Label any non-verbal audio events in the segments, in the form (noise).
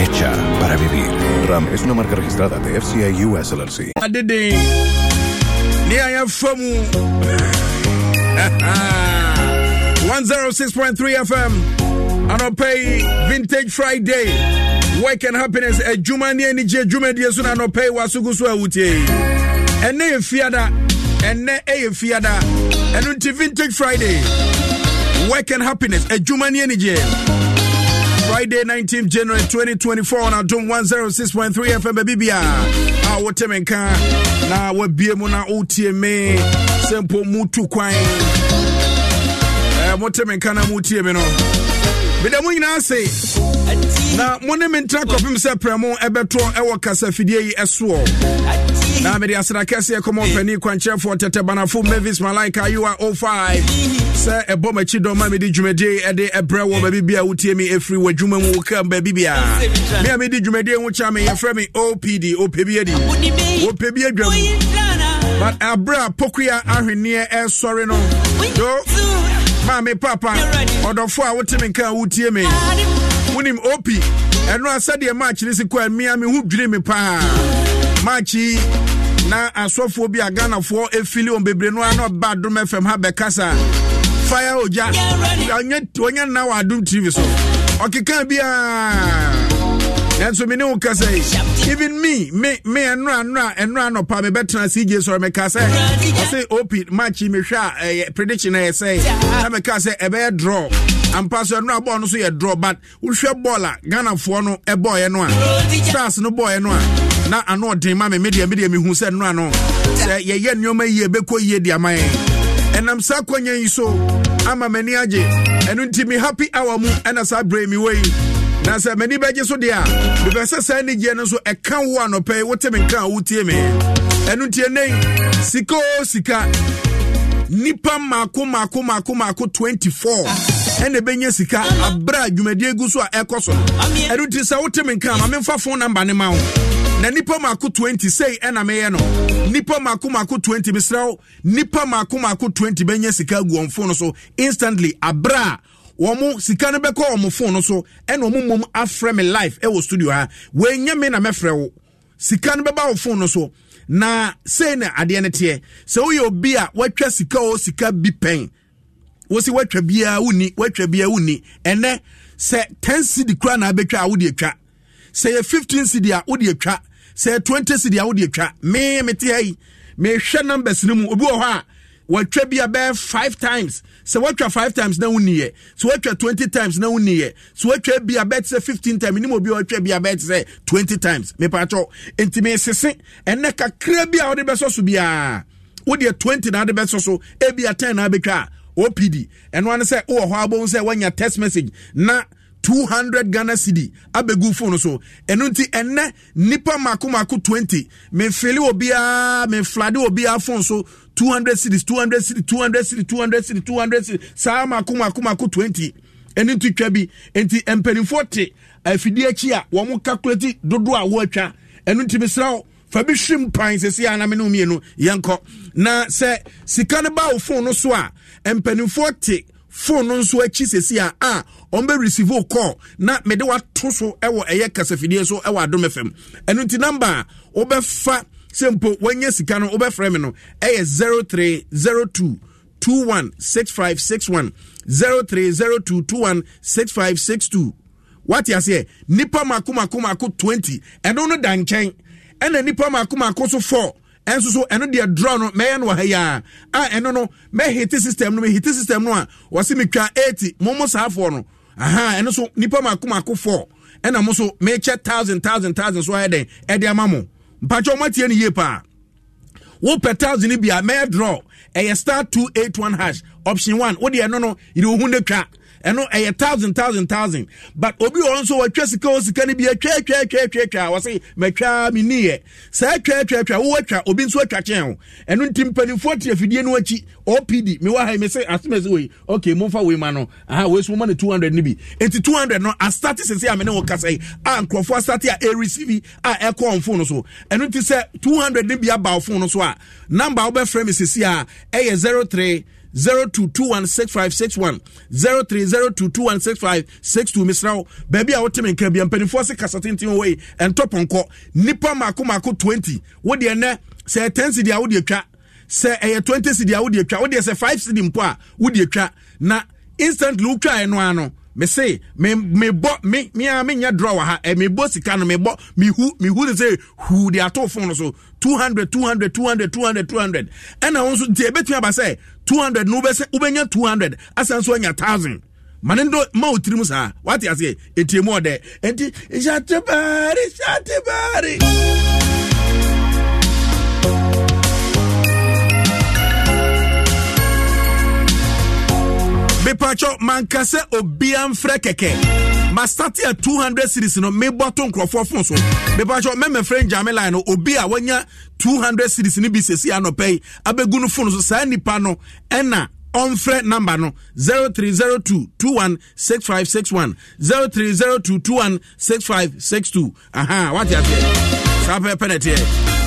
hecha para vivir. Ram es una marca registrada de FCI US LLC. Adede, ni ayafamu. (laughs) 106.3 FM. Anope Vintage Friday. Work and happiness. Ejuma ni enije jume diye no pay wasugu suwa utie. Ene ye fiada. Ene ye fiada. Enunti Vintage Friday. Work and happiness. Ejuma ni enije. Friday, 19th January 2024 on Adum 106.3 FM B B R. Ah, what time Na what BM na OTMA. Sempo mutu kwan. Eh, what time na mutieme no. Bida mu nyinaa se. Na mo ne me ntra kɔpem sɛ prɛmo ɛbɛtoɔ ɛwɔ kasafidie yi na mede asra kɛseɛ kɔma ɔpani kwankyerɛfoɔ tɛtɛ banafo mavis malaika yoa 05 sɛ ɛbɔ makyi dɔ ma mede dwumadie ɛde ɛbrɛ wɔ baabi bia wotie me ɛfiri w'adwuma mu wokam baabi biaa me a mede dwumadie ho kya me yɛfrɛ me opd opɛbi adi wɔpɛbi adwam but aberɛ a pokua ahwenneɛ ɛsɔre no do maame papa ɔdɔfoɔ a wote me nka wotie me wonim opi ɛno a sɛdeɛ maakyere si kɔa mmea me ho dwiri me paa maakyi na asɔfoɔ bi a ghanafoɔ ɛfili wɔn bebree no a na ɔba adom fm ha bɛkasa fire ogya ɔnyɛ nna wɔ adom tv so ɔkeka biaa nanso me ne wo kasa yi even me me me ɛnora nora ɛnora nɔpa mebɛtena cj sɔrɔ meka sɛ ɔse op match mehwɛ a ɛyɛ prediction ɛyɛ sɛ na meka sɛ ɛbɛyɛ draw ampa so ɛnora bɔɔl no so yɛ draw but wohwɛ bɔɔl a ghanafoɔ no ɛbɔɔyɛ no a stars no bɔɔyɛ no a na ano ɔden ma me medeɛ medeɛ mehu sɛ no ano sɛ yɛyɛ nneɔma yie bɛkɔ yie de ama yɛn ɛnam saa kwanya yi so ama m'ani agye ɛno nti me happy hour mu ɛna saa berɛ mi wɔ yi na sɛ m'ani bɛgye so deɛ a mepɛ sɛ saa anigyeɛ no so ɛka wo anɔpɛ wote mi nka a wotie me ɛno nti ɛnɛi sika o sika nipa mmaako mmaako mmaako mmaako 24 ɛna ɛbɛnya sika abrɛ a dwumadie gu so a ɛkɔ so ɛno nti sɛ wote me nka ma memfa phone number ne ma wo na nipa maako 20 sei ɛna meyɛ no nipa maako maako 20 mesrɛ wo nipa maako maako 20 bɛnya sika agu wɔn phone so instantly abrɛ a wɔn sika no bɛkɔ wɔn phone no so ɛna wɔn mmom afrɛ me live ɛwɔ studio ha wɔanya me na mɛfrɛ wo sika no bɛba wo phone no so na sei na adeɛ no teɛ sɛ woyɛ obi a woatwa sika o sika bi pɛn wosi watwa biara wuni watwa biara wuni ɛnɛ sɛ ten cd kura na abɛtwa a wodi atwa sɛ yɛ fifteen cd a wodi atwa sɛ yɛ twenty cd a wodi atwa mee mete ha yi mehwɛ numbers no mu obi wɔ hɔ a wɔatwa bi abɛɛ five times sɛ wɔatwa five times na wunniɛ sɛ wɔatwa twenty times na wunniɛ sɛ wɔatwa bi abɛɛ te sɛ fifteen times nim obi a wɔatwa bi abɛɛ te sɛ twenty times mepatɔ nti mesese ɛnɛ kakra bi a wɔde bɛsɔ so biara wodeɛ twenty na wɔde bɛsɔ so ebi a ten na abɛtwa a opd ɛno ano sɛ wowɔ hɔ abɔhu sɛ woanya test message na 200 ghana cd abɛgu phone so ɛno nti ɛnɛ nipa mako mako 20 mefele obiara meflade obiara phone so 200 cds 200 cds 200 cds 200 cds 200 cds saa mako mako mako 20 ɛno nti twa bi nti mpanimfoɔ te afidie akyi a wɔn calculate dodoɔ a wɔatwa ɛno nti mesra wo Fabi bi hwe mpan sɛsi a aname no mmienu yɛnkɔ na sɛ sika no ba phone fon no so a mpanimfoɔ te fon no nso akyi sɛsi a a ɔmbɛ receive o call na mede wato so ɛwɔ ɛyɛ kasafidie so ɛwɔ adom fm ɛno nti namba a wobɛfa sɛ mpo wanya sika no wobɛfrɛ me no ɛyɛ 0302 216561 0302216562 wate aseɛ nipa mako mako mako 20 ɛno no da ɛna nipa mako mako so four ɛnso so ɛno deɛ draw no mɛyɛ no wɔ ha a ɛno no mɛhete system no mɛhete system no a wɔsi mi twa eighty mo mo saa no aha ɛno so nipa mako mako four ɛna mo so mɛkyɛ thousand thousand thousand so ayɛ dɛ ɛde ama mo mpatsɛ ɔmo atie no yie paa wopɛ thousand bi a mɛyɛ draw ɛyɛ star two eight one hash option one wo deɛ ɛno no yiri ohun de twa ɛno ɛyɛ thousand thousand thousand but obi wɔn nso wɔtwa sika o sika no bi atwa atwa atwa atwa atwa wɔsi mɛtwa mi ni yɛ saa atwa atwa atwa wo atwa obi nso atwa kyɛn o ɛno nti mpanimfoɔ te afidie no akyi opd mi wɔ ha yi mi sɛ asome sɛ wei okay mo nfa wei ma no aha wei so mo ma ne two hundred ni bi eti two hundred no asate sese a mi ne wo kasa yi a nkurɔfoɔ asate a eresivi a ɛkɔ ɔn fone so ɛno ti sɛ two hundred nibi bi aba ɔfone so a namba a wɔbɛfrɛ mi sese a ɛyɛ zero three. 02216561 0302216562 mesrɛ baabi a woteme nka bia mpanimfoɔ se kasa tenten wɔ yi ɛntɔ pɔnkɔ nnipa maakomaako 20 wodeɛ nɛ sɛ ɛtɛn si deɛ a wode twa sɛ ɛyɛ 20 si deɛ a wode twa wodeɛ sɛ 5 si de mpo a wode twa na instantly wotwaeɛ no a no me say me me bɔ me me a ah, me nya draw wɔ ha ɛ eh, me bɔ sika no me bɔ me hu me hu de say hu de ato fon no so two hundred two hundred two hundred two hundred two hundred ɛna eh, wɔn nso deɛ ebetumi aba sɛ two hundred No wobɛ sɛ wobɛnya two hundred asan so anya thousand mane ndo ma o tirim saa wate aseɛ etie mu ɔdɛ nti nhyate baari mepakyɛ manka sɛ obia mfrɛ kɛkɛ masate a 200 series no mebɔ to nkurɔfoɔ fo so mepakyɛ mɛmɛfrɛ ngyame line no obi a wanya 200 series no bi sɛsi anɔpɛ yi abɛgu no fo no so saa nnipa no ɛna ɔmfrɛ namba no 0302216561 0302216562 aha wate aseɛ saa pɛpɛ nɛteɛ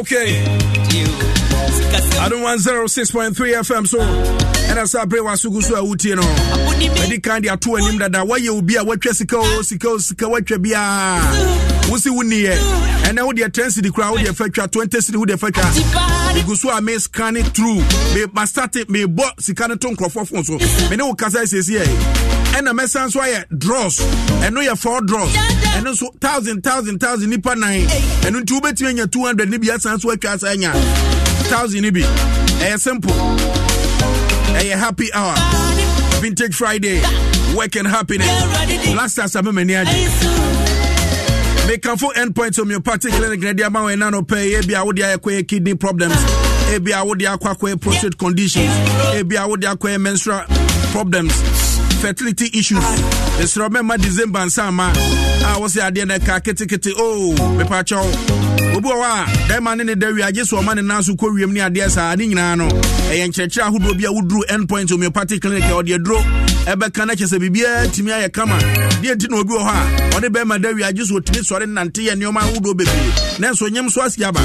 Okay. adom 106.3 fm so ɛna sɛ abere wasogu so a wotie no madi kan de ato anim dada woayɛ obi a woatwa eh. sika o sika o sika woatwa biaa wo si wonniɛ ɛnɛ wodeɛ 10 cedi koraa wodeɛ fa twa 20 cedi wodeɛ fa twa ɛgu so a meskane tru mastate mebɔ sika no to nkurɔfoɔ fo so mene wo kasa siesie ɛna mɛsan nso ayɛ draws ɛno yɛ four draws ɛno so thousand thousand thousand nipa nine ɛno nti wobɛtumi anya 200 ne bi asan so atwa asa anya thousand ibi. bi simple ɛyɛ happy hour vintage friday work and happiness last time sɛ mɛmɛ ni agye mekanfo endpoint homeopathic clinic na ɛde ama wɔn ɛna no pɛ ebi a wode ayɛ kidney problems ebi a wode akɔ akɔyɛ prostate conditions ebi a wode akɔyɛ menstrual problems fertility issues. ɛsrɛ mɛma december nsa ma a wo sɛ adeɛ no ɛka ketekete o mepaakyɛw obi wɔ hɔ a dɛma ne ne da wie agye so ɔma ne nan so kɔ wiem ne adeɛ saa ne nyinaa no ɛyɛ nkyerɛkyerɛ ahodoɔ bi a woduru end point homeopathy clinic a ɔde aduro ɛbɛka no kyɛ sɛ biribiaa tumi ayɛ kama deɛ nti na obi wɔ hɔ a ɔne bɛrima da wie agye so ɔtumi sɔre nante yɛ nneɔma ahodoɔ bebree nanso nyem so asi aba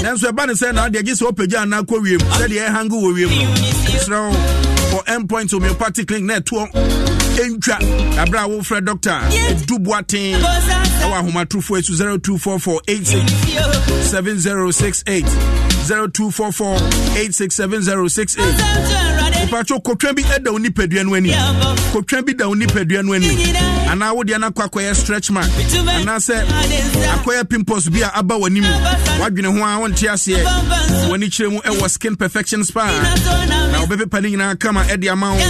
nanso ɛba ne sɛ na wode agye sɛ ɔpagya anaa kɔ wiem sɛdeɛ ɛhango wɔ wiem no ɛsrɛ wo for end point homeopathy clinic na ɛtoɔ ɛntwa aberɛ a wofrɛ dɔctor ɛdu boaten ɛwɔ ahomatorofo asu 02448607068 0244867068 wopatwo kotwa bi da wo nipadua no anim kotwa bi da wo nipadua no anim anaa wodeɛ no akɔ akɔyɛ stretch mark anaasɛ akɔyɛ pimpos bi a aba w'ani mu woadwene ho a wonte aseɛ w'ani kyerɛ mu ɛwɔ skin perfection spa na wobɛpepa no nyinaa kama ɛde ama wo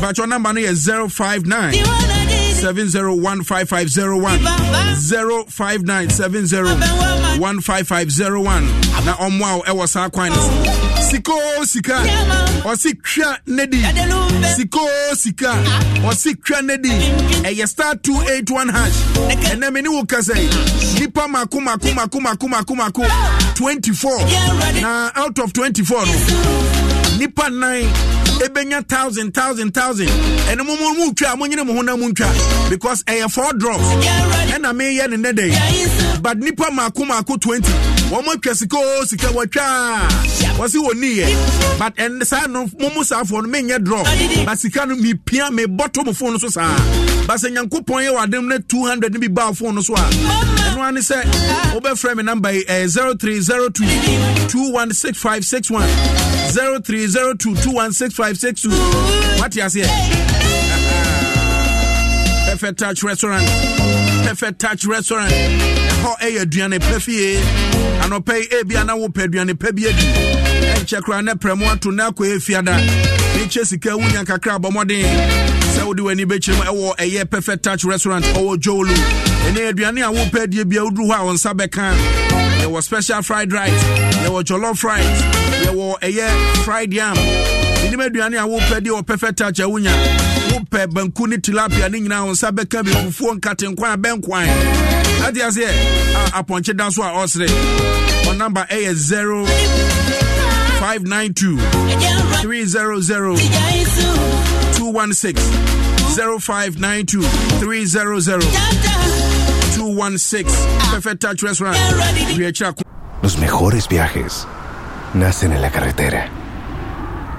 ìbàtsọ nọ́mbà no yẹ zero five nine seven zero one five five zero one zero five nine seven zero one five five zero one na ọmọ àwọn ẹwọ sáà kwan oh. sika o sika ah. ọsi twa nedi sika o sika ọsi twa nedi ẹyẹ star two eight one hash ẹnna mi ni wo kasa nipa mako mako mako mako mako mako ah. twenty four na out of twenty four no nipa nan ebenya thousand thousand thousand ɛna mo mo mo twa mo nyere mo ho na mo twa because ɛyɛ eh, four drops ɛna meyɛ ne nɛ dɛ but nipa mako mako twenty. more mo atwa sika o oh, sika Was it wɔn niyɛ but ɛn saa no mo mo saa afɔ no mi nyɛ drɔ but sika no mi pia mi bɔ to mo fone no so saa basa nyanko pɔn yɛ wadam ne two hundred ne bi ba fone no so a ɛno ani sɛ wɔbɛfrɛ mi namba yi ɛɛ eh, zero three zero two two one six five six one zero three zero two two one six five six two wate aseɛ. (laughs) Perfect Touch Restaurant. Perfect Touch Restaurant. hɔ yɛ aduane pɛ fie anɔpɛ yi ebia na wopɛ aduane pɛ bi adi ɛnkyɛ koraa ne prɛ ato na akɔyɛ fiada mekyɛ sika wonya kakra bɔ sɛ wode w'ani bɛkyerɛ mu ɛwɔ ɛyɛ perfect touch restaurant ɔwɔ jolo ɛnɛ aduane a wopɛ adie bia woduru hɔ a wo nsa bɛka yɛwɔ special fried rice yɛwɔ jollof rice yɛwɔ ɛyɛ fried yam ɛnim aduane a wopɛ deɛ ɔpɛfɛ touch a wonya wopɛ banku ne tilapia ne nyinaa wo nsa bɛka bi fufuo nkatenkwan a bɛnkwan ade aseɛ apɔnkye da so a ɔsere ɔnamba ɛyɛ 0 Los mejores viajes nacen en la carretera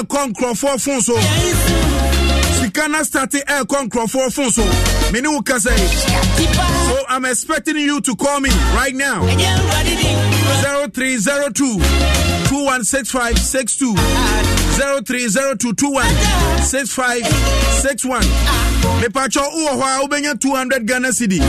ɛkɔ nkurɔfoɔ fon so sika na starte ɛkɔ nkurɔfoɔ fon so mene wo ka so i'm expecting you to call me right now 0302 216562 0302 216561 mepakyɛ wowɔ hɔ a wobɛnya 200 ghana cedi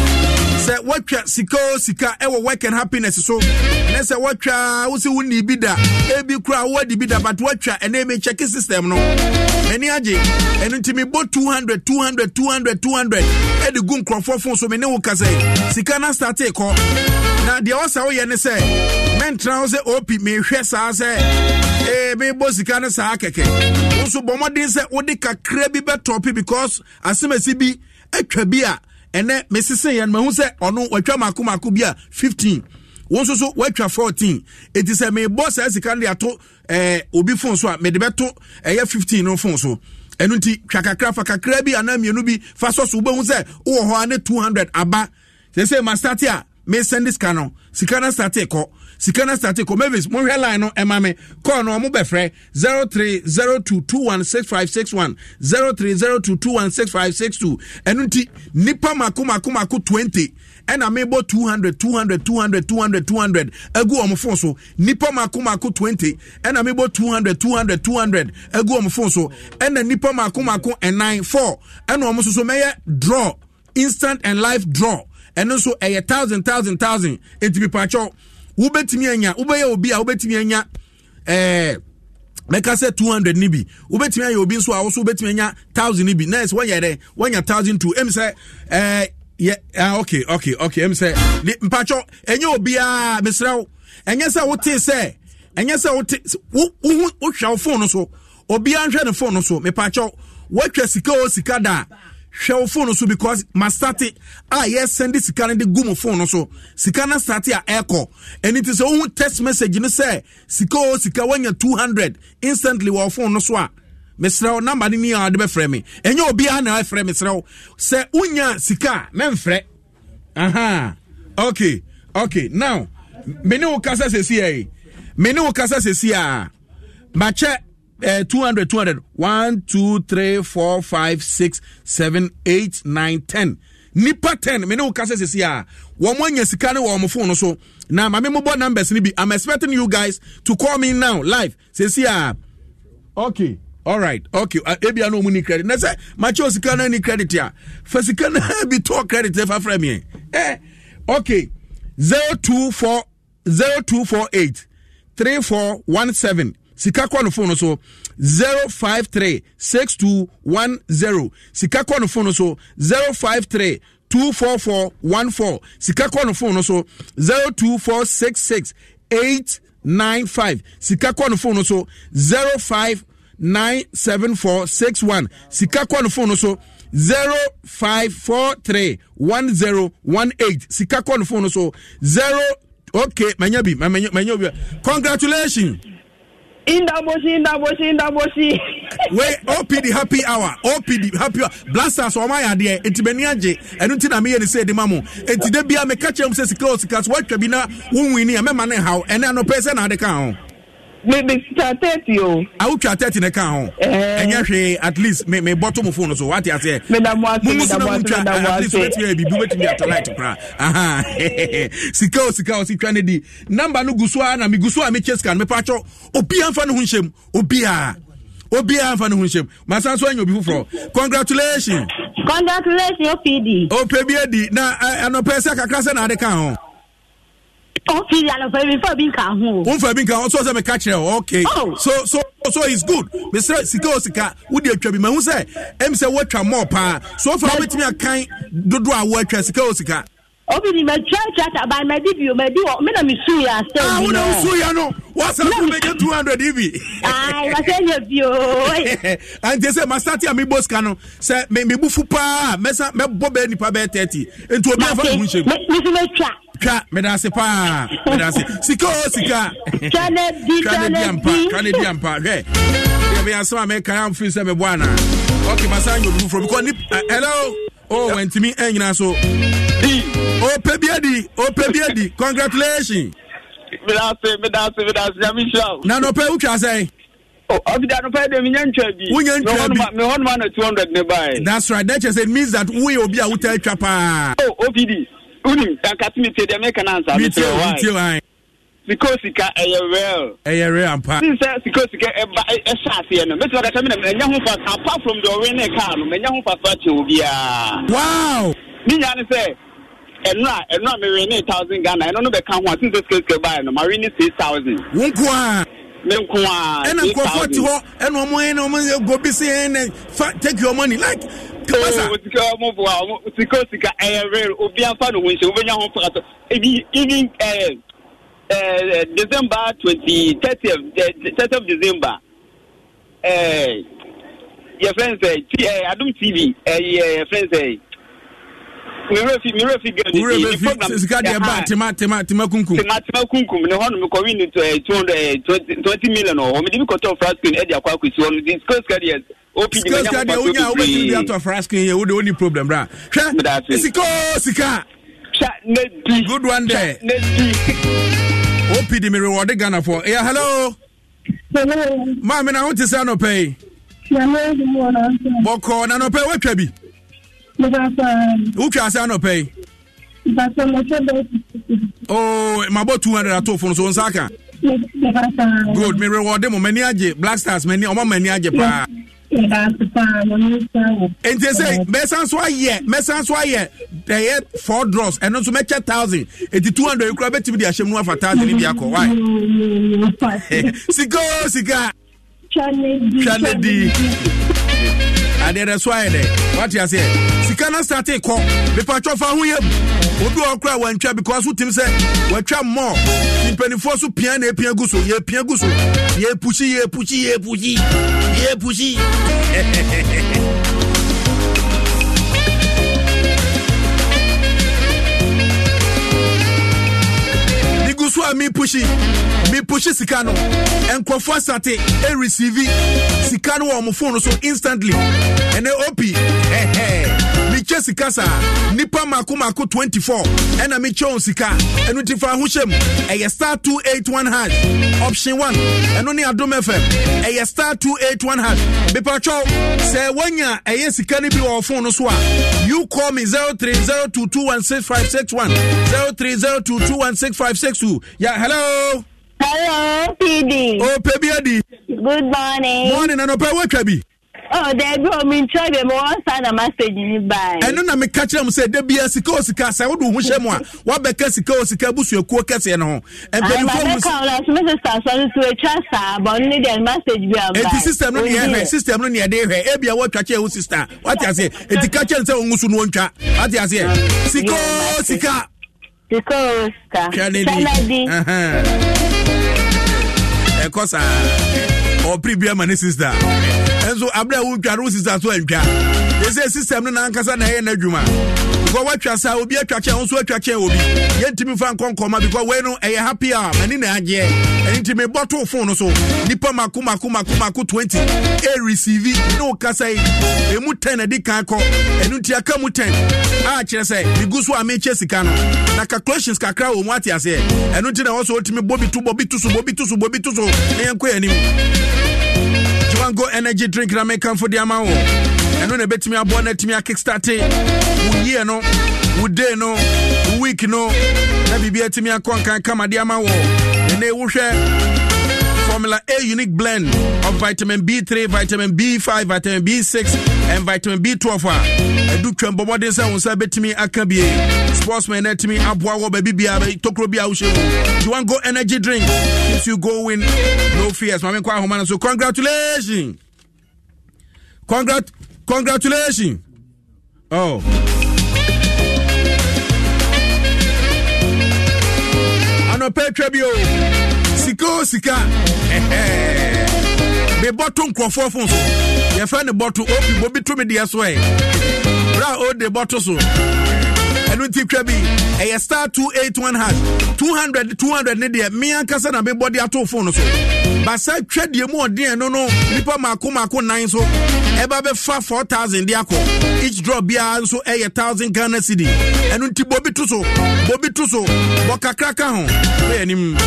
sɛ woatwa sika o sika ɛwɔ work and happiness so ɛnɛ sɛ woatwa wo se wo da ebi kora woadi bi da but woatwa ɛnɛ mekyɛke system no m'ani agye ɛno two hundred two hundred two hundred ɛde gu nkurɔfoɔ fo so mene wo ka sɛ sika no astate kɔ na deɛ wɔsa woyɛ ne sɛ mɛntena wo sɛ opi mehwɛ saa sɛ ee mebɔ sika no saa kɛkɛ wo so bɔ mmɔden sɛ wode kakra bi bɛtɔpe because asɛm bi atwa bi a ɛnɛ mesese yɛn mahu sɛ ɔno watwa mako mako bi a 15 wɔn nso so wɔatwa 14 eti eh, sɛ mebɔ saa eh, sika no de ato ɛɛ eh, obi fon so a mede bɛto ɛyɛ 15 no fon so ɛnu nti twa kakra fa kakra bi anaa mmienu bi fa sɔ so wobɛhu sɛ wowɔ hɔ a ne 200 aba sɛ sɛ ma start a mesɛn de sika no sika no start kɔ sika na start kɔ mavis mohwɛ line no ɛma me kɔɔ no ɔmo bɛfrɛ 0302216561 0302216562 ɛno nti nnipa mako mako mako 20 ɛna mebɔ 200 200 200 200 200 agu wɔn fon so nipa mako mako 20 ɛna mebɔ 200 200 200 agu wɔn fon so ɛna nipa mako mako ɛnan 4 ɛna wɔn nso so mɛyɛ draw instant and live draw ɛno nso ɛyɛ thousand thousand thousand eti bi paakyɛw wobɛtumi anya wobɛyɛ obi a wobɛtumi anya ɛɛ. Eh, mɛka sɛ hundred ne bi wobɛtumi anya obi nso a wo so wobɛtumi anya thousand ne bi nes wanyɛ dɛ wanya thousand two. ɛm sɛ eh, yeah, ah, okay okay okay ɛm sɛ mpatwɔ ɛnyɛ obiaa mesrɛ wo ɛnyɛ sɛ wotee sɛ ɛnyɛ sɛ wote wohwɛ wo fone no so obiaa nhwɛ ne fone no so mepatwɔ woatwa sika o sika da a hwɛ wo phone so because masate a yɛsɛnde sika no de gu mu phone so sika no sate a ɛkɔ ɛno nti sɛ wohu text message no sɛ sika o sika two hundred instantly wɔ phone no so a mesrɛ wo number no ni a wode bɛfrɛ me ɛnyɛ obiaa na ɛfrɛ mesrɛ wo sɛ wonya sika a memfrɛ aha okay okay now mene wo kasa sɛsi ai mene wo kasa sɛsi a makyɛ uh, eh, 200, 200. 1, 2, 3, 4, 5, 6, 7, 8, 9, 10. nipa 10 me ne wo kasa sesi a wɔn anya sika ne wɔn phone no so na maame mo bɔ numbers ni bi i'm expecting you guys to call me now live sesi a okay alright okay uh, no anu ni credit na sɛ makyɛ osika na ni credit a fɛ sika na bi tɔ credit na fafra mi eh okay zero two four zero two four eight three four one seven sika kɔ no phone no so one zero. sika kɔ no phone no so four one four. sika kɔ no phone no so nine five. sika kɔ no phone no so one. sika kɔ no phone no so one eight. sika kɔ no phone no so 0 okay manya bi manya bi congratulations Indamoshi, Indamoshi, Indamoshi. Wait, OPD happy hour. OPD happy hour. Blasters or my idea. Enti beni anje. Enu tina miye ni se di mamu. Enti de biya me kache mse siklo sikas. Wat kabina unwini ya me mane hao. Ene ano pese na adeka hao me me twa thirty o. awo twa thirty ne kan ho. ɛnyɛ hwee at least me me bɔ to mo phone so waati aseɛ. me da mo ase me da mo ase me da mo ase. at least wetin yɛ bibi wetin yɛ atɔlaiti kora. (laughs) sika o sika o si twa ne di namba no gu so a na mi gu so a mi kye scan mi pa atwɔ obiara nfa ne ho nhyɛm obiara obiara nfa ne ho nhyɛm masa nso anya obi foforɔ congratulations. congratulations opd. opd na anɔpɛ sɛ kakra sɛ na ade kan ho. Okay, I love every for being car home. One for being car also as a catcher. Okay. Oh. So so so it's good. Mr. Sika Osika, would you trabi man who say em say what more pa. So far with me a kind do do a work Sika Osika. Obi ni ma church at by my debut, my do me na mi su ya say. Ah, we na su ya no. What's up to make 200 EV? Ai, wa say you bio. And they say master ti ami boss ka no. Say me me bufu pa, me sa me bobe nipa be 30. Nti obi afa mu nche. Me me twa twa medase paa medase sika o sika twane di twane di ampa hwɛ yɛbɛ asɛm a mɛka amfiri sɛ mɛbɔ ana ɔke masa nyɛ obi foforɔ bikɔ nip hello o wantimi anyina so opɛ oh, bi adi opɛ bi adi congratulation medase medase medase nyame hyira wo na nɔpɛ wotwa sɛn ɔfida no pɛ dɛ menya ntwa bi wonya ntwa bi mehɔ noma na 200 ne baɛ that's right that just means that woyɛ obi a wotaa twa paa ofidi oh, unim dankatumi tie deɛ meka no ansa metie wa sika ɛyɛ real ɛyɛ real ampa sin sɛ sika ɛba ɛhyɛ aseɛ no mɛtumi akata mi na ɛnyɛ ho fa apart from the ɔwe ne kaa no mɛnyɛ ho fa fa kyɛ obiara ah. wow ne nya ne sɛ ɛnu a ɛnu a mewe ne thousand ghana ɛnu no bɛka ah, ho a sin sɛ sika osika baeɛ no mawe ne six thousand wo a me a ɛna nkurɔfoɔ te hɔ ɛna ɔmo ɛna ɔmo gobi se ɛna fa take your money like osika ɔmo bo a ɔmo sika osika ɛyɛ eh, rare obi anfa no ho nhyɛ wobɛnya ho pato ebi even ɛɛ ɛɛ december twenty thirty. Eh, thirty of december ɛɛ yɛ fɛn sɛ ti ɛɛ adum tv ɛɛ yɛ fɛn sɛ mirefi mirefi gẹdi mirefi sika deɛ ba tema tema tema kunkum. tema tema kunkum ne hɔnom kɔmi ni eh, two hundred eh, twenty million ɔ wɔn de bi kɔtɔ fraskin ɛdi akɔ akɔsi wɔn de sika sika deɛ opd bɛ nya mo pɔtɔ bebree. sika sika deɛ o o bɛ ti bi yɛ o de o ni problem ra. hwɛ sika sika. sha ne di good one there. ne di. opd mi reward ghana fɔ eya hello. hello. maame na ho ti sɛ anɔpɛ yi. bɔkɔ nanɔpɛ wetwa bi wotwa ase anɔpɛ yi oh mabɔ two hundred ato funu so nsa ka good mi rewɔde mo m'ani agye black stars m'ani ɔmo m'ani agye paa. nti sɛ mɛsan so ayɛ mɛsan so ayɛ ɛyɛ four draws ɛno nso mɛkyɛ thousand eti two hundred ekura bɛtumi de ahyɛm no afa thousand ni bi akɔ why sika o sika. twale di adeɛ dɛ so ayɛ dɛ wate aseɛ sika no sate kɔ mepatwɔ fa ho yam obi wɔ kora wantwa because wotim sɛ watwa mmɔ mpanifoɔ so pia na ɛpia gu so yɛpia gu so yɛpukyi yɛpukyi yɛpukyi yɛpukyi (laughs) so a mepushi mepushi sika no nkurɔfoɔ asate ɛreceive e sika no wɔ ɔmo phone so instantly ɛnɛ opi ɛhɛ mekyɛ sika saa nipa maako maako 24 ɛna mekyɛ wɔn sika ɛno ti fa ahohyɛ mu ɛyɛ star 281 hash option 1 ɛno ne adom fm ɛyɛ star 281 hash bepatwɛw sɛ woanya ɛyɛ sika no bi wɔ ɔfon no so a you call me six two. Yeah, hello. Hello, PD. Oh, Pebi Adi. Good morning. Morning, and Ope Wekabi. Oh, there go me try be mo send a message in by. Ɛno na meka kyerɛ mu sɛ da bia sika o sika sɛ wode wo ho hyɛ mu a wabɛka sika o sika busuakuo kɛseɛ no ho. Ɛnti system no neɛ hwɛ system no neɛ de hwɛ ebia woatwa kyɛ wo sister wate aseɛ ɛnti ka kyɛ ne sɛ wo ngu so no ɔntwa wate aseɛ sika o sika because kennedy ɛkɔ saa ɔpere bi ama ne sista ɛnso abere wotwa ne wo sista so antwa ɛsɛ system no nankasa na ɛyɛ n'adwuma because watwa sa obi atwa kyɛn nso atwa kyɛn obi yɛntumi fa nkɔ nkɔma because wei no ɛyɛ eh, happy a mani na agyeɛ ɛni ti mi bɔ to fone no so nipa mako mako mako mako twenty e receive ne o kasa yi emu eh, ten na di kan kɔ ɛnu ti aka mu ten ah, a kyerɛ sɛ a mi kakra wɔ mu ate aseɛ ɛnu ti na wɔn so otumi bɔ bi tu bɔ bi tu so bɔ bi tu so bɔ bi energy drink and make mekamfo di ama wo. ɛno na ɛbɛtumi aboa no atumi akickstarte wo yie no wo day no wo week no na biribi atumi akɔ nkan kamade ama wɔ ɛnɛ wohwɛ formula A unique blend of vitamin B3, vitamin B5, vitamin B6, and vitamin B12. I do twem bobo de sa unsa betimi akabie. Sportsman etimi abwa wo baby bia tokro bia wo shewu. You want go energy drink? Keeps you going. No fears. Mami kwa humana. So congratulations. Congrat congratulations. Oh. anɔpɛ twa bi o sika o sika me bɔto nkurɔfoɔ fo so yɛfrɛ ne bɔto opi bobi to me deɛ so ɛ berɛ a ode bɔto so ɛno nti twa bi ɛyɛ star 281 hash 200 200 ne deɛ me ankasa na mebɔde atoo fo no so basa twɛdeɛ mu ɔden no no nipa mako mako nan so ɛba bɛfa 4000 de akɔ each drop biara nso ɛyɛ 1000 ghana cedi ɛno nti bobi to so bobi to so bɔ kakra ho woyɛ anim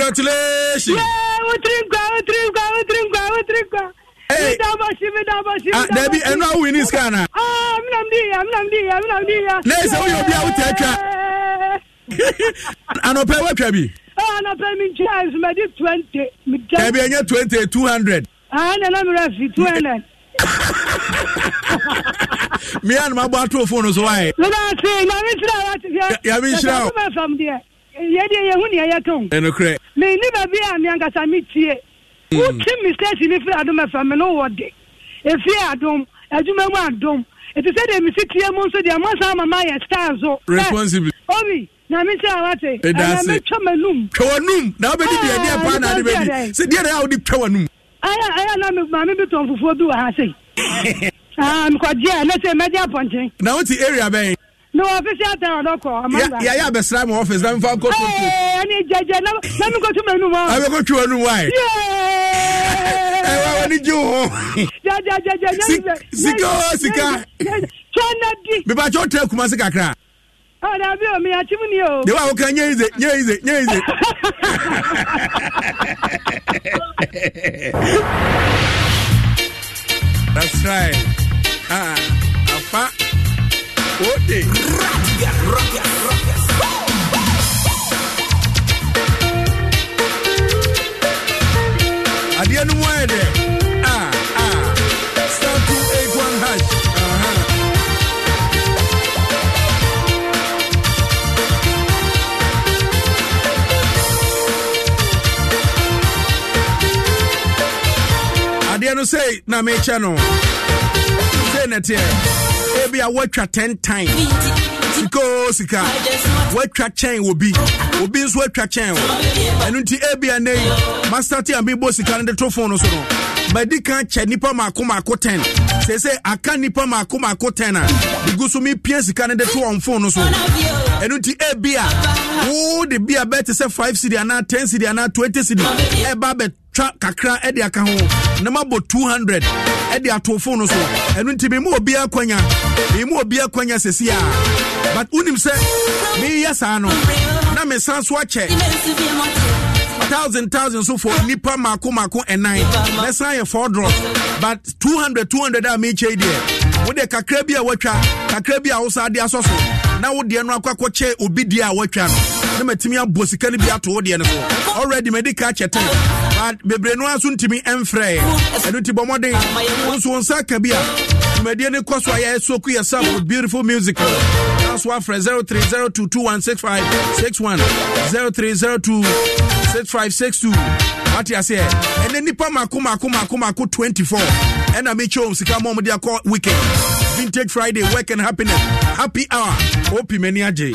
congratulations. dabi ɛnu awo yi sika na. ne yi sɛ o yɛ obi awo tɛ twa. anɔpɛ wo twa bi. Ah, anɔpɛ mi n tura esumadi twenty. dabi n twenty two hundred. aa ah, nana mi ra fi two hundred. (laughs) mi yà ni ma bɔ a tó so wa yɛ. mi b'a yàmi sira wa ti fiyɛ. yàmi sira o yɛdeɛ yɛhu nea yɛka o ɛnokorɛ menni baabi a meankasa metie wotwe mistake ne firi adom ɛfa me no wɔ de ɛfie adom adwuma mu adom ɛti sɛ deɛ mesi tie mu nso deɛ mɔsa ama ma yɛ star so obi na me kyerɛ wate ɛna metwa m'anum twa w'anum na wobɛdi deɛ deɛ paa na ade bɛdi sɛ deɛ na wode twa w'anum ɛyɛ ɛyɛ na maame bi tɔn fufuo bi wɔ ha sei mekɔgyeɛ ne sɛ mɛgye apɔnkyen na wote area bɛn mi wọ ọfiisi ata ọdọkọ ọmọdé. yà yà bẹ sira mi ọfiisi náà mi fa nkó tó. ẹ ẹni jẹjẹ náà mi kò tún mẹnu mọ. a bẹ kó tún ẹnu wa yìí. ẹ wá wọn ni jí wọn. jẹjẹ jẹjẹ jẹjẹ. sika o sika. tọ́nẹ́dì. bíbá tí o tẹ kumasi kakra. ọ dàbí omi àti mu ni o. de wa o kan nye ize nye ize nye ize. (laughs) that's right. Ah, afa òde. rọ́kìá rọ́kìá rọ́kìá. adeɛ no mu ayɛ dɛ eight one hash. adeɛ no sei na mekyɛ no sei na baabi a wɔatwa ten time sika o sika wɔatwa kyɛn wɔ bi obi nso atwa kyɛn o ɛno nti ebia nne yi masitati a mebɔ sika no de to fon no so no madi kan kyɛ nipa maako maako ten sese aka nipa maako maako ten a egu so mepie sika no de to wɔn fon no so ɛno nti ebia woo de bia bɛɛ te sɛ five cd anaa ten cd anaa twenty cd ɛba bɛ matwa kakra de aka ho na mabɔ 200 de ato phone so ɛno nti memu obiara kwanya memu obiara kwanya sɛsi a but wonim sɛ meyɛ saa no na mesan so akyɛ thousand thousand so for nipa mako mako ɛnan na yɛ four draws but two hundred two hundred a mekyɛ deɛ wode kakra bi a watwa kakra bi a wosa de asɔ so na wodeɛ no akɔ akɔkyɛ obi deɛ a watwa no na matumi abɔ sika no bi ato wo deɛ no so already madi ka kyɛ ten but bebree no a so ntumi ɛmfrɛ ɛno nti bɔ mmɔden wo nso wo nsa ka bi a dwumadie ne kɔ so a yɛsoku yɛ sam beautiful music na so afrɛ 0302216561 03026562 wate aseɛ ɛnɛ nipa mako mako mako mako 24 ɛna mekyɛ om sika ma ɔmde akɔ weekend vintage friday work and happiness happy hour ɔpi m'ani agye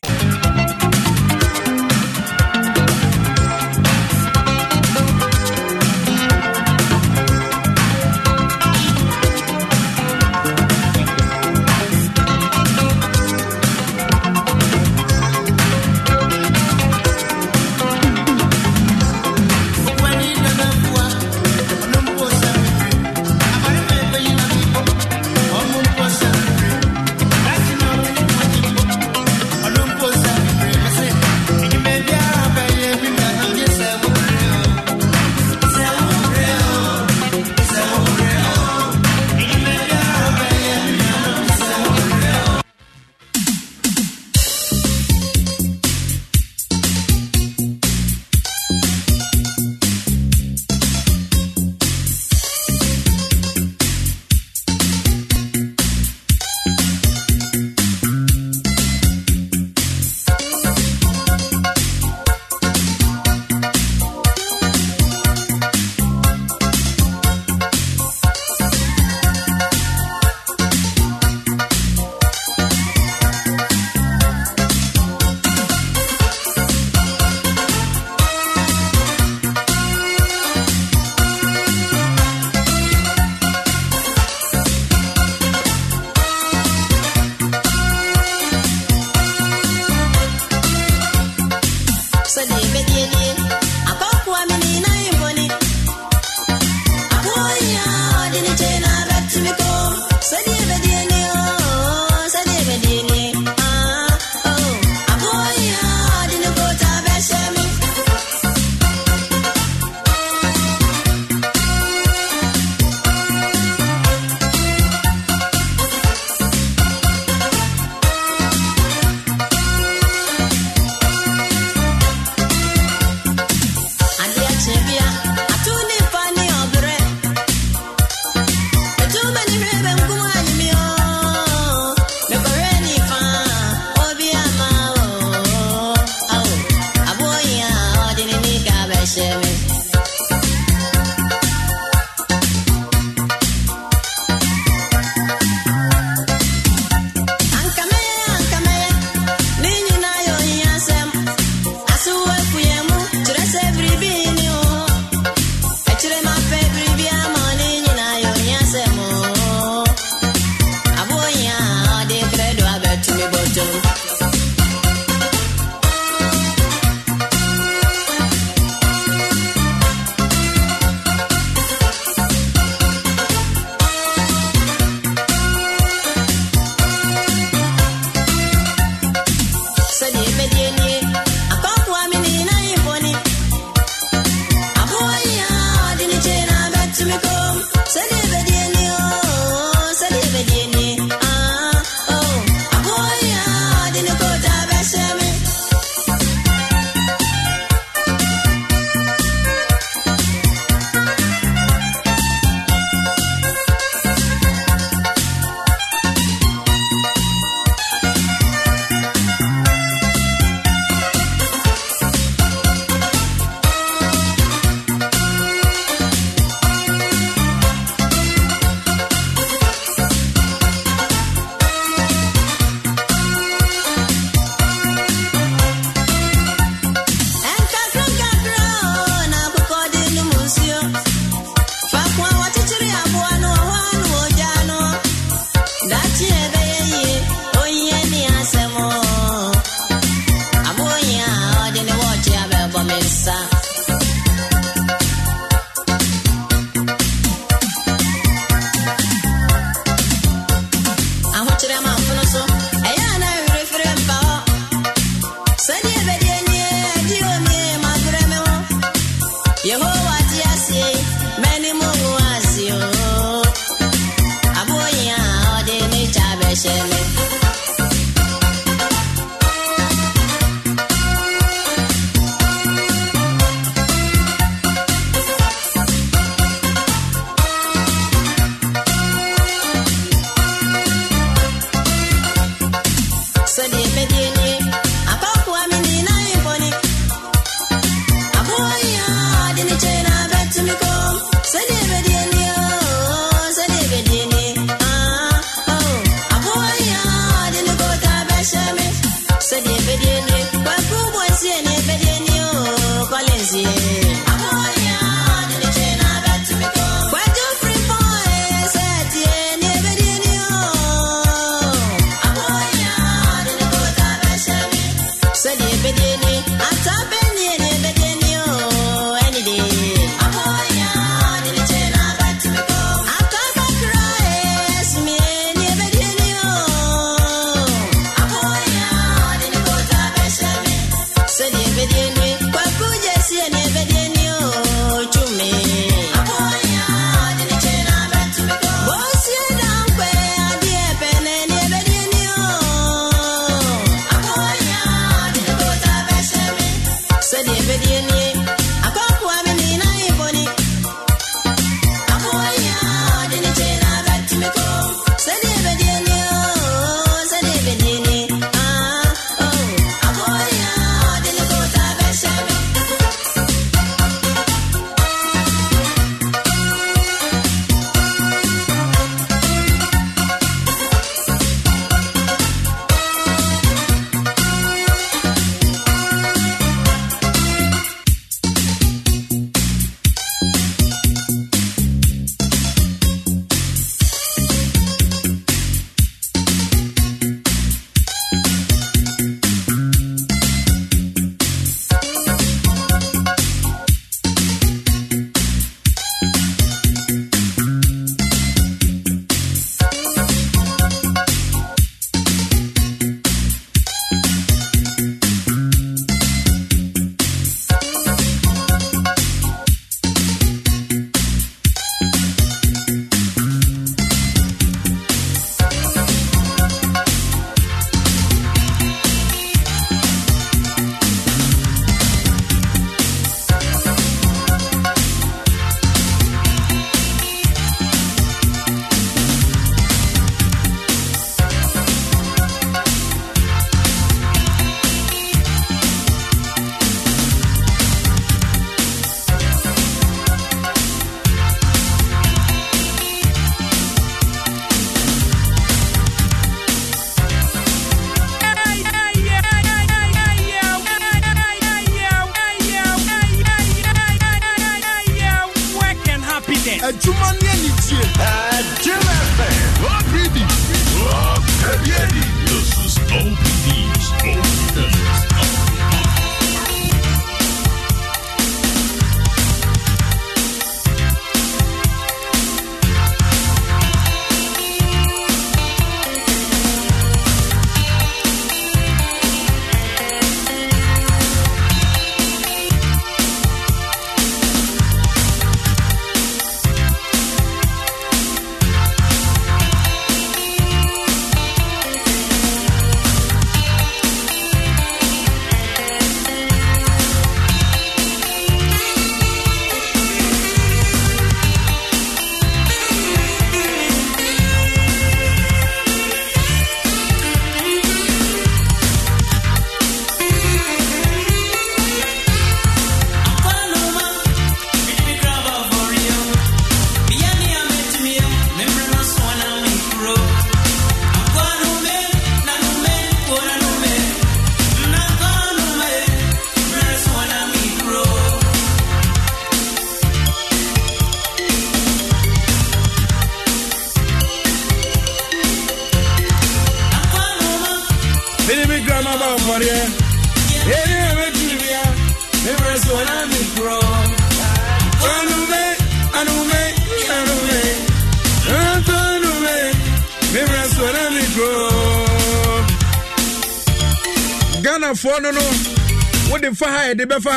yɛde bɛfa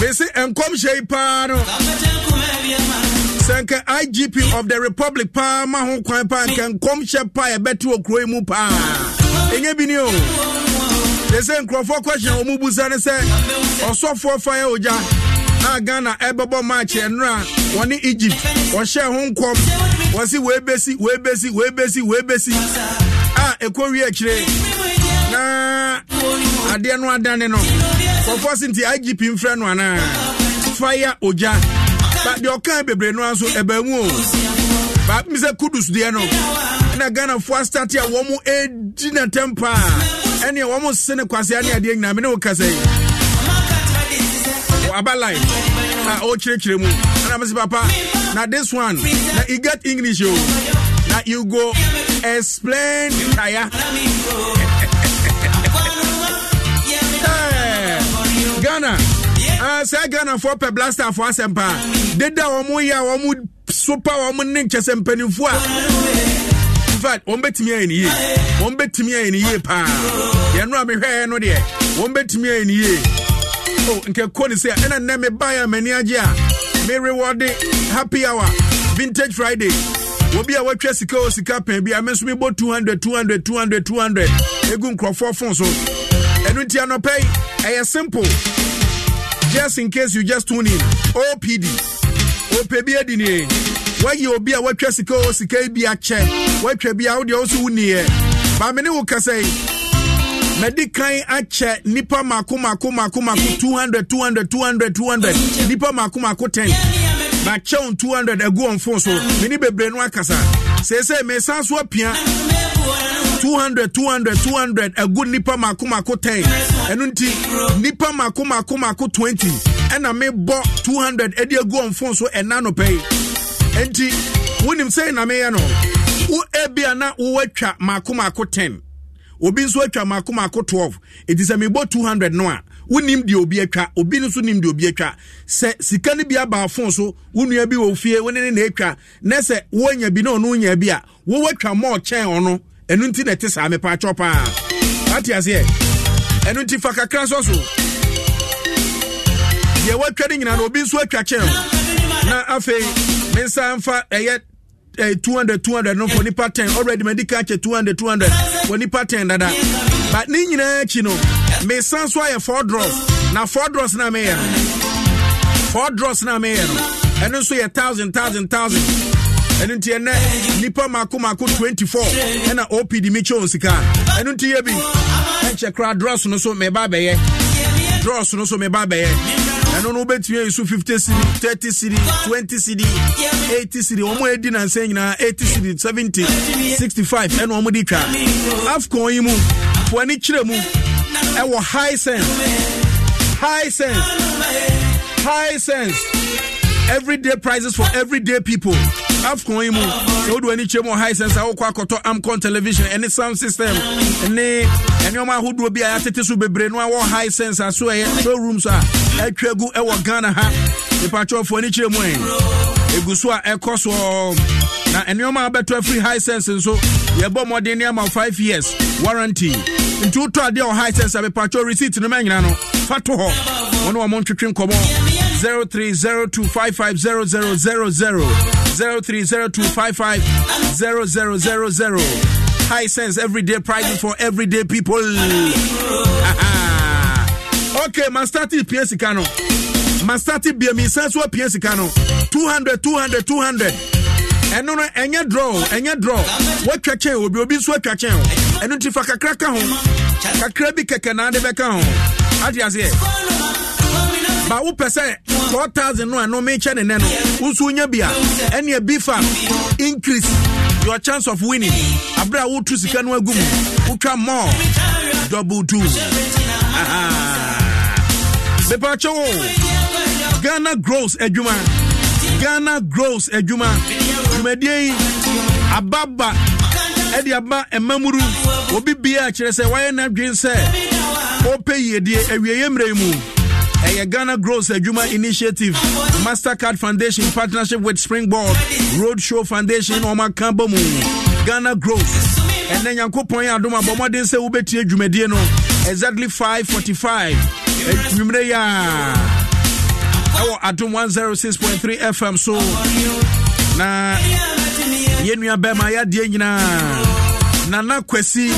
mese nkɔmhyɛ yi paa no sɛ igp of the republic paa ma ho kwan paa nka nkɔmhyɛ paa yɛbɛte wɔ kuro yi mu paa ɛnyɛ bi ni o de sɛ nkurɔfoɔ kwɛhyɛ wɔ mu busa ne sɛ ɔsɔfoɔ fa yɛ ogya a ghana ɛbɛbɔ maakye ɛnora wɔne egypt wɔhyɛɛ ho nkɔm wɔse weebesi weebesi weebesi weebesi a ɛkɔwie akyire na adeɛ no adane no kɔfɔ si nti igp mfrɛ no anaa fire ogya ba deɛ ɔkaa bebree no nso ɛbaamu o baapem sɛ kudus deɛ no ɛna ghanafoɔ astate a wɔn ɛdi natɛm paa ɛne wɔn se ne kwasea ne adeɛ nyinaa mene wo yi aba live a ɔrekyerɛkyerɛ mu ɛna mese papa na this one na e get english o na you go explain kaya ghana ah, sɛ ghanafoɔ pɛ blasterfoɔ asɛm paa deda wɔn yɛ a wɔn so pa wɔn ne nkyɛsɛ mpanimfoɔ a infact wɔn bɛtumi ayɛ ne yie wɔn bɛtumi ayɛ ne yie paa yɛn no a mehwɛɛ no deɛ wɔn bɛtumi ayɛ ne yie o oh, nkɛkɔ ne sɛ ɛna nnɛ me baa yɛ m'ani agye a me reward happy hour vintage friday obi a watwa sika o sika pɛn bi a me nso me bɔ two hundred two hundred two hundred two hundred egu nkurɔfoɔ fon so ɛnu ti anɔpɛ yi ɛyɛ simple just in case you just tune in opd opɛ bi adi nie wayi obi a watwa sika o oh, sika bi akyɛ watwa bi a wodeɛ wo oh, so wo nieɛ maame ne wo kasa yi mɛdi kan akyɛ nipa mako mako mako mako two hundred two hundred two hundred two hundred nipa mako mako ten makyɛ wo two hundred agu wɔn fon so mene bebree no akasa seesei mesan so apia 200 200 200 good nipa mako mako 10 ɛno nti nipa mako mako mako 20 ɛna mebɔ 200 ɛde agu ɔmfon so ɛna no pɛi enti wonim sɛi na meyɛ no wo ebia na uwecha mako mako 10 obi nso atwa mako mako 12 ɛti sɛ mebɔ 200 no a wonim deɛ obi atwa obi no nso nim deɛ obi atwa sɛ sika no bi aba afon so wo nua bi wɔ fie wo ne ne na atwa na sɛ woanya bi na ɔno wonya bi a wowatwa ma ɔkyɛn ɔno ɛno nti na ɛte saa mepaatwɔ paa ate aseɛ ɛno nti fa kakra sɔ so deɛ woatwa no nyinaa no obi nso atwa kyɛ na afei me nsa mfa ɛyɛ hundred two hundred no fɔ nipa 10 already madi ka kyɛ two hundred fɔ nipa ten dada but ne nyinaa akyi no mesan so ayɛ 4 draws na four draws na meyɛ no four draws na meyɛ no ɛno nso yɛ thousand thousand thousand ɛno nti ɛnɛ nipa mako mako four. ɛna opd me kyɛw sika ɛno nti yɛ bi ɛnkyɛ kora drɔs no so meba bɛyɛ drɔs no so meba bɛyɛ ɛno no wobɛtumi ayi so 50 cd thirty cd twenty cd eighty cd ɔmo ɛdi nansɛ nyinaa eighty cd 70 65 ɛna ɔmo de twa afcon yi mu po ani kyerɛ mu ɛwɔ high sense high sense high sense everyday prices for everyday people afcon yi mu sɛ wode w'ani kyerɛ mu ɔhae sɛn sɛ wokɔ akɔtɔ amcon television ɛne sound system ne ɛnneɔma ahodoɔ bi a yɛatete so bebree no a high sense sa so ɛyɛ showrooms a atwa gu ɛwɔ ghana ha nipatwɛfoɔ ani kyerɛ mu ɛ ɛgu so a ɛkɔ soɔ na ɛnneɔma a wobɛtɔ afiri high sense nso yɛbɔ mmɔden ne ama 5 years warranty nti wotɔ adeɛ wɔ high sense a mepatwɛ receipt no ma nyina no fa to hɔ wɔne wɔ mo ntwetwe nkɔmmɔ 0302550000 High sense everyday prices for everyday people. (laughs) okay, man started PSC Kano. Man started BME sense what PSC Kano. 200 200 200 ɛno no ɛnyɛ draw ɛnyɛ draw What kyɛn obi obi nso atwa kyɛn o ɛno nti fa kakra ka ho kakra bi kɛkɛ naa de bɛka ho ba wopɛ sɛ 4000 no a no mekyɛ ne nɛ no wonso wonya bi a ɛneɛ bifa increase your chance of winning aberɛ a wotu sika no agu mu wotwa mɔ double two bepaakyɛ wo ghana gross adwuma ghana gross adwuma dwumadie yi ababa ɛde aba ɛmamuru obi bia kyerɛ sɛ wayɛ n'adwene sɛ wopɛ yiedie awieɛ mmerɛ yi mu ɛyɛ ghana growth adwuma initiative mastercard foundation partnership with springboard roadshow foundation ɔma ka ba mu ghana growth ɛnɛ nyankopɔn adom abɔ mmɔden sɛ wobɛtie dwumadie no exactly five forty 545 nwummerɛ yi a ɛwɔ point three fm so na yɛnnua bɛma yɛadeɛ nyinaa nana kwasi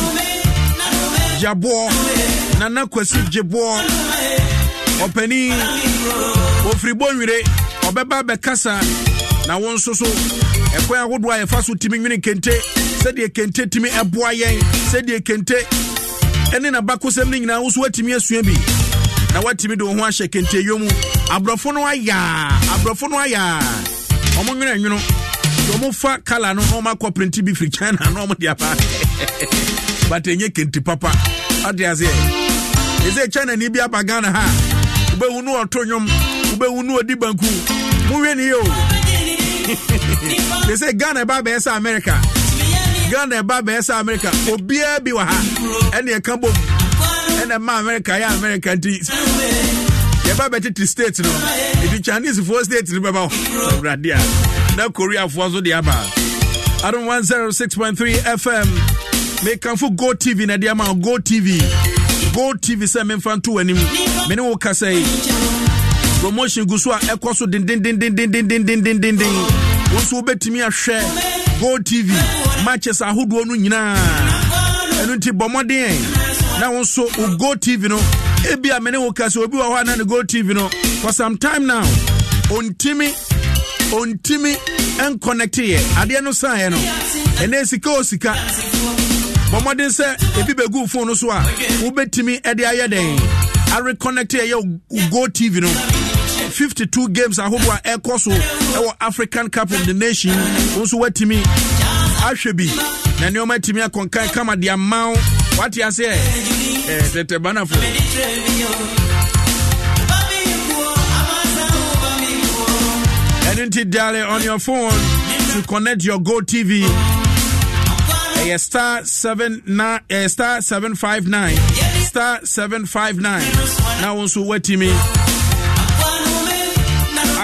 gyaboɔ nana kwasi gyeboɔ ɔpani ofiri bonwire ɔbɛba bɛkasa na wo nso so ahodoɔ a yɛfa so tumi nwene kente sɛdeɛ kente tumi ɛboa yɛn sɛdeɛ kente ɛne n'abakosɛm no nyinaa wo so asua bi na woatumi de wo ho ahyɛ kenteyɔ mu aborɔfo no ayɛa aborɔfo no ayɛa ɔmo nwene nwono nti ɔmo fa kala no na ɔmo akɔ prenti bi firi china na ɔmo de aba but ɛnyɛ kente papa ɔde aseɛ ɛsɛ china ni bi aba ghana ha wobɛhu no ɔto nwom wobɛhu no ɔdi banku mowie ne yɛ o sɛ ghana ɛba bɛɛ sɛ amerika ghana ɛba bɛɛ sɛ amerika obiaa bi wɔ ha ɛne ɛka bom ɛna ma amerika yɛ amerika nti yɛba bɛtete state no ɛti chinesefoɔ state no bɛba hɔ awurade a na koreafoɔ so de aba adom 106.3 fm mekamfo go tv na de ama go tv gold tv sɛ memfa nto w'anim mene wo ka sɛ promotion gu so a ɛkɔ so dendendendendendendendenden wo nso wobɛtumi ahwɛ gold tv matches ahodoɔ no nyinaa ɛno nti bɔ mmɔden ɛ na wo nso wo gold tv no ebia a mene wo ka sɛ obi wɔ hɔ a ne gold tv no for some time now ɔntimi ɔntimi ɛnconnecte yɛ adeɛ no saeɛ no ɛnɛ sika o sika bɔ mmɔden sɛ ebi bɛgu fone no so a wobɛtumi de ayɛ dɛn areconnect ɛyɛ go tv no 52 games ahodoɔ a ɛkɔ so ɛwɔ african cup of the nation wo nso woatumi ahwɛ bi na nneɔma atumi akɔnkan kama de ama wo wate aseɛ tɛtɛ banafo Identity dial on your phone to connect your Go TV ɛyɛ star seven nine ɛyɛ eh, star seven five nine star seven five nine na wọn nso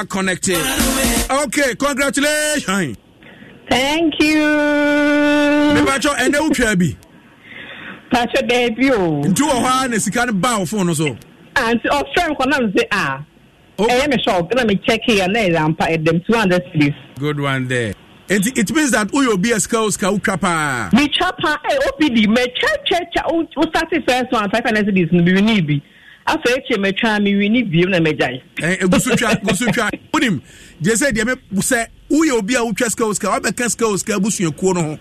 I connected. okay congratulations. thank you. mipatsɔ ɛnɛ wotwa bi. patsɔ dɛbi o. nti wɔ hɔ a na sika no ba wɔ fone so. anti ɔfɛn kɔ I am a. shock. mi sɔ ɔkana mi kyɛkii a na yɛ ampa two hundred please. good one there nti it means that woyɛ be a sika osika wotwa paa metwa paa ɛ opd mɛtwatwatwa wosate first one five After cedis no mewini bi afei ekyir mɛtwa mewini die. na mɛgyae ɛgu so twa gu so twa they gye sɛ deɛ sɛ woyɛ be a wotwa sika osika wabɛka sika osika abusuakuo your corner.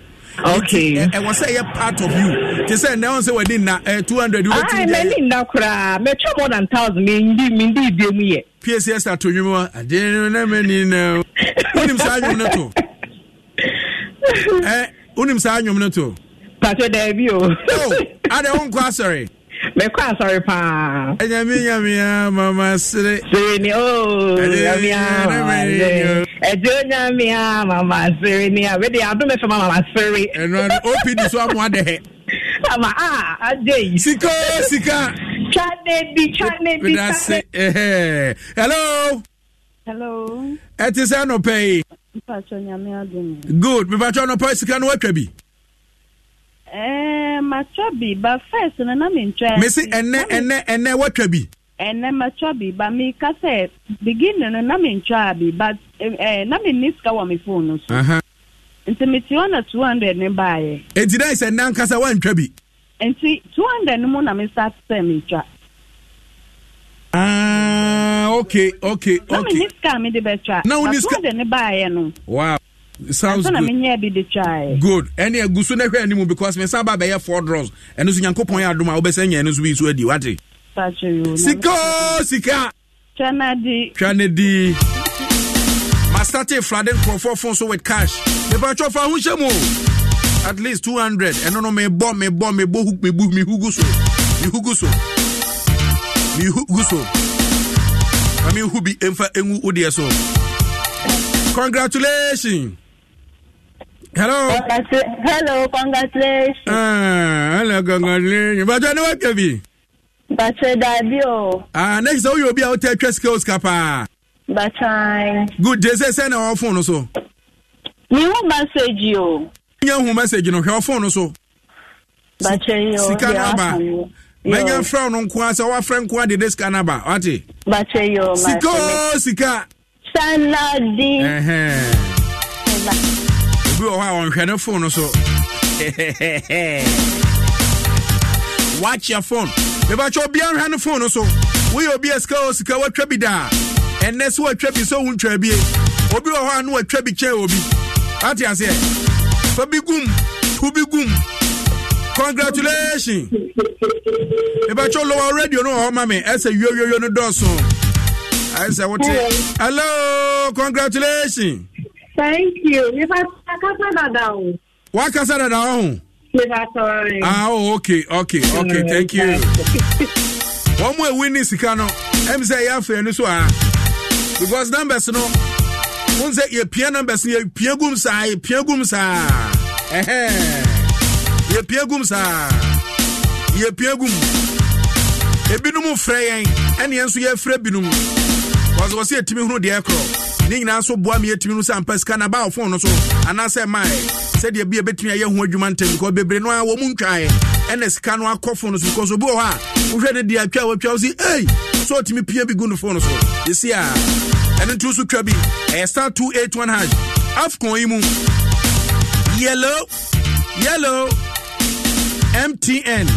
okay ɛwɔ sɛ ɛyɛ part of you They te sɛ nnɛ sɛ wɔde nna ɛ two hundred wobɛtumi mani nna koraa mɛtwa more than thousand mendi mendi bie mu yɛ pscs ato nwom a adeɛ no na mani Put him. saa you know too ɛ (laughs) wonim eh, saa nwom no to patro daabi o oh. oh, ade wonkɔ asɔre mekɔ asɔre paa anyame eh, nyamea ah, mama sere sereni o nyamea ɛde onyamea mama sereni ah, a wede adome fɛ ma mama sire. ɛno ano opd so amoa dɛhɛ ama a agye yi sika sika twade bi twade bi hello hello ɛte sɛ nɔpɛ yi good mepatwɛ nɔpɔ sika no woatwa bi eh, matwa bi ba first no na mentwa mese ɛnɛ ɛnɛ ɛnɛ woatwa bi ɛnɛ matwa bi ba meka sɛ beginning no na mentwaa bi but eh, na menni sika wɔ me phone no so nti mete hɔ na 200 ne baeɛ enti dɛn sɛ nna nkasa woantwa bi nti 200 no mu na mi mesa sɛ metwa ah. Okay, ah, okay, okay. na mi ni sika mi de bɛ twa. na wo ni sika. na so de ne ba yɛ no. wow sounds good. good ɛne agu so na hwɛ anim because me sa ba bɛyɛ four draws ɛno nso nyankopɔn yɛ adom a wobɛsɛ nya ɛno nso bi so adi wate sika sika twa na di twa di mastate flade nkurɔfoɔ fon so with cash mepatwɔ fa ho hyɛ mu at least two hundred. ɛno no mebɔ mebɔ mebɔ mebu mehugu so mehugu so mehugu so maame hu bi mfa ngu wodeɛ so congratulations hello. hello congratulations. Ah, hello congratulations. bàtà ni wọ́n kẹ́bi. bàtà dàbí o. ah next sọ wọ́n yóò bí a tẹ twẹ́ skills ká paa. bàtà. good jẹ́ sẹ́ sẹ́ na wọ́n fóònù so. mi hu message o. n yẹn hu message no hwẹ́ ọ fóònù so. bàtà yìí o yẹ wá kàn mɛnya fra no nko a sɛ woafrɛ nko a de sika no aba wate sika o sika sanadi obi wɔ hɔ a ɔnhwɛ ne fon no so (laughs) watch your phone mebakyɛ obia nhwɛ ne fon no so woyɛ obi a sika o sika woatwa bi daa ɛnɛ sɛ woatwa bi sɛ wontwa bie obi wɔ hɔ a na watwa bi kyɛn obi wate aseɛ fa bi gum to bi gum congratulations ìbátsọ lọwọ rédíò náà ọmọ mi ẹsẹ yóyóyó ní dọ́sùn ẹsẹ wọ́n ti hello congratulations. thank you nípa kásá dada o. wá kásá dada ọ̀hún. nípa sọ̀rọ̀ rẹ̀. ah oh, okay okay okay mm, thank you. (laughs) wọ́n mú ewu ní sika náà ẹ̀mí sẹ́ ẹ̀yà fẹ̀yẹ̀ ní so ah because numbers no wọ́n sẹ́ yẹ pie numbers yẹ pie gum saa yẹ pie gum saa yɛpia gum saa yɛpia gum ebinom frɛ yɛn ɛne yɛn nso yɛfrɛ binom wɔsɛ wɔ yɛtumi hunu deɛ ɛkorɔ ne nyinaa nso boa me yɛtumi no sɛ ampa sika na baa ɔfon no so anaasɛ maeɛ sɛdeɛ bi yɛbɛtumi ayɛ ho adwuma ntam bikɔ bebree no a wɔ mu ntwaeɛ ɛna sika no akɔ fo no so bikɔ so bi wɔ hɔ a wohwɛ ne deɛ atwa a watwa wo se ɔtumi pia bi gu no fo no so yɛsi a ɛno nti so twa bi ɛyɛ star 281 hash afcon yi mu yellow yellow mtn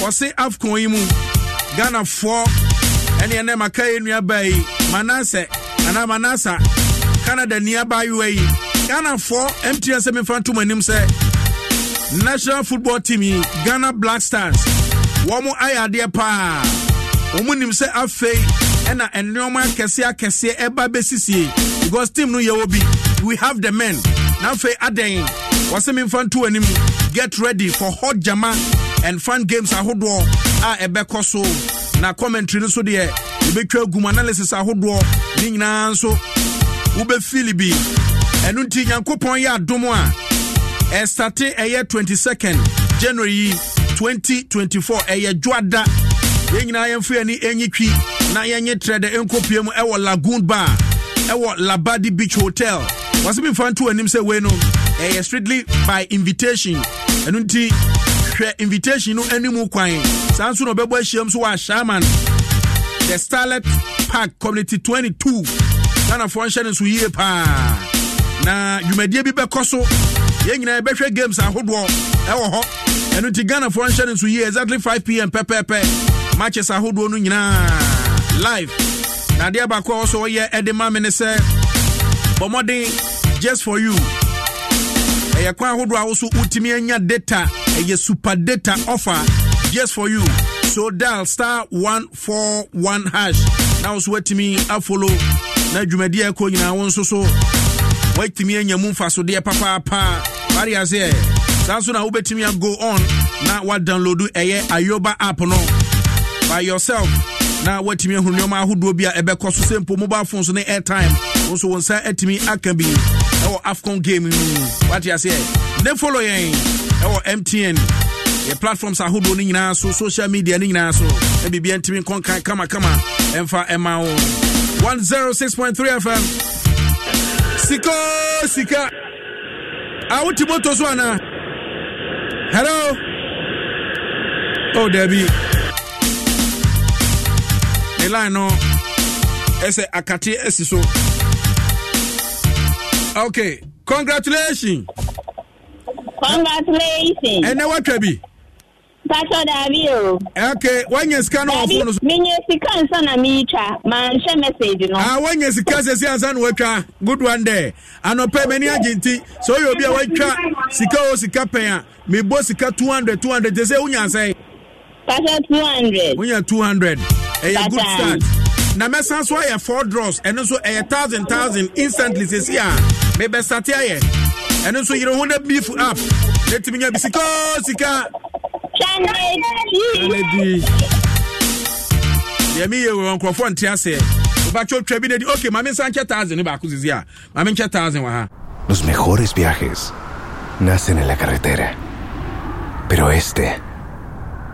wɔse afcon yi mu Ghana ghanafoɔ ɛne ɛnɛ maka yɛ nnuaba yi manasɛ anaa manasa canada nniabaayewa yi ghanafoɔ mtn sɛ memfa ntom anim sɛ national football team yi ghana black stars wɔn ayɛ adeɛ paa wɔn nim sɛ afei ɛna nneɛma akɛseɛ akɛseɛ ɛba bɛsisie because team no yɛ wɔ bi we have the men na afei adɛn wɔse memfa nto anim get ready for hot jama and fun games ahodoɔ a ɛbɛkɔ so na commentary no so deɛ yɛbɛtwa agum analysis ahodoɔ ne nyinaa nso wobɛfili bi ɛno nti nyankopɔn yɛ adom a ɛstate ɛyɛ 22nd january yi 2024 ɛyɛ dwoada yɛn nyinaa yɛmfa ani ɛnyi twi na yɛnye trɛdɛ nkɔpie mu ɛwɔ lagoon bar ɛwɔ labadi beach hotel wɔse memfa nto anim sɛ wei no ɛyɛ strictly by invitation ɛno nti hwɛ invitation no anim kwan saa nso na ɔbɛbɔ ahyiam so wɔ ashaman the starlet park community 22 ghanafoɔ nhyɛ no nso yie paa na dwumadie bi bɛkɔ so yɛn nyinaa yɛbɛhwɛ games ahodoɔ ɛwɔ hɔ ɛno nti ghanafoɔ nhyɛ no nso yie exactly 5 pm pɛpɛɛpɛ matches ahodoɔ no nyinaa live na adeɛ baako a ɔsɔ ɔyɛ ɛde ma me ne sɛ bɔmmɔden just for you ɛyɛ kwan ahodoɔ a wo so wotumi anya data ɛyɛ super data offer just for you so dial star 141 hash na wo so woatumi afolo na dwumadiɛ ɛkɔ nyinaa wo nso so woatumi anya mu mfasodeɛ papaapaa bareɛ sɛ saa so na wobɛtumi ago on na wadownload ɛyɛ ayoba app no by yourself na watumi ahunu nneɛma ahodoɔ bi a ɛbɛkɔ so sɛ mpo mobile phone so ne airtime wo nso wo nsa atumi aka bi ɛwɔ afcon game wate aseɛ ne follow yɛn ɛwɔ mtn yɛ platforms ahodoɔ no nyinaa so social media no nyinaa so na biribia ntumi nkɔnkan kamakama ɛmfa ɛma wo 106.3 fm sika sika a wote moto so anaa hello oh dabi ne line no ɛsɛ akate asi so okay congratulation congratulation ɛnɛ watwa bi patro dabi o. ok wanya sika na ɔfo no so. menye sika nsa na meetwa manhyɛ message no. ah wanya sika sɛsi ansa na watwa good one there anɔpɛ m'ani agye nti sɛ ɔyɛ obi a watwa sika o sika pɛn a mebo sika two hundred two hundred te sɛ wonya asɛe. Pastor 200. We are 200. A good start. na mɛsan so ayɛ four draws ɛno nso ɛyɛ thousand thousand instantly sɛsi a mebɛsate ayɛ ɛno nso yere ho na beef up na tumi nya bi sika sika kyanadi deɛ meyɛ wɔ nkurɔfoɔ nte aseɛ wobɛkyɛ twa bi na di ok mame nsa nkyɛ thousand ne baako sisi a mame nkyɛ thousand wɔ ha Los mejores viajes nacen en la carretera, pero este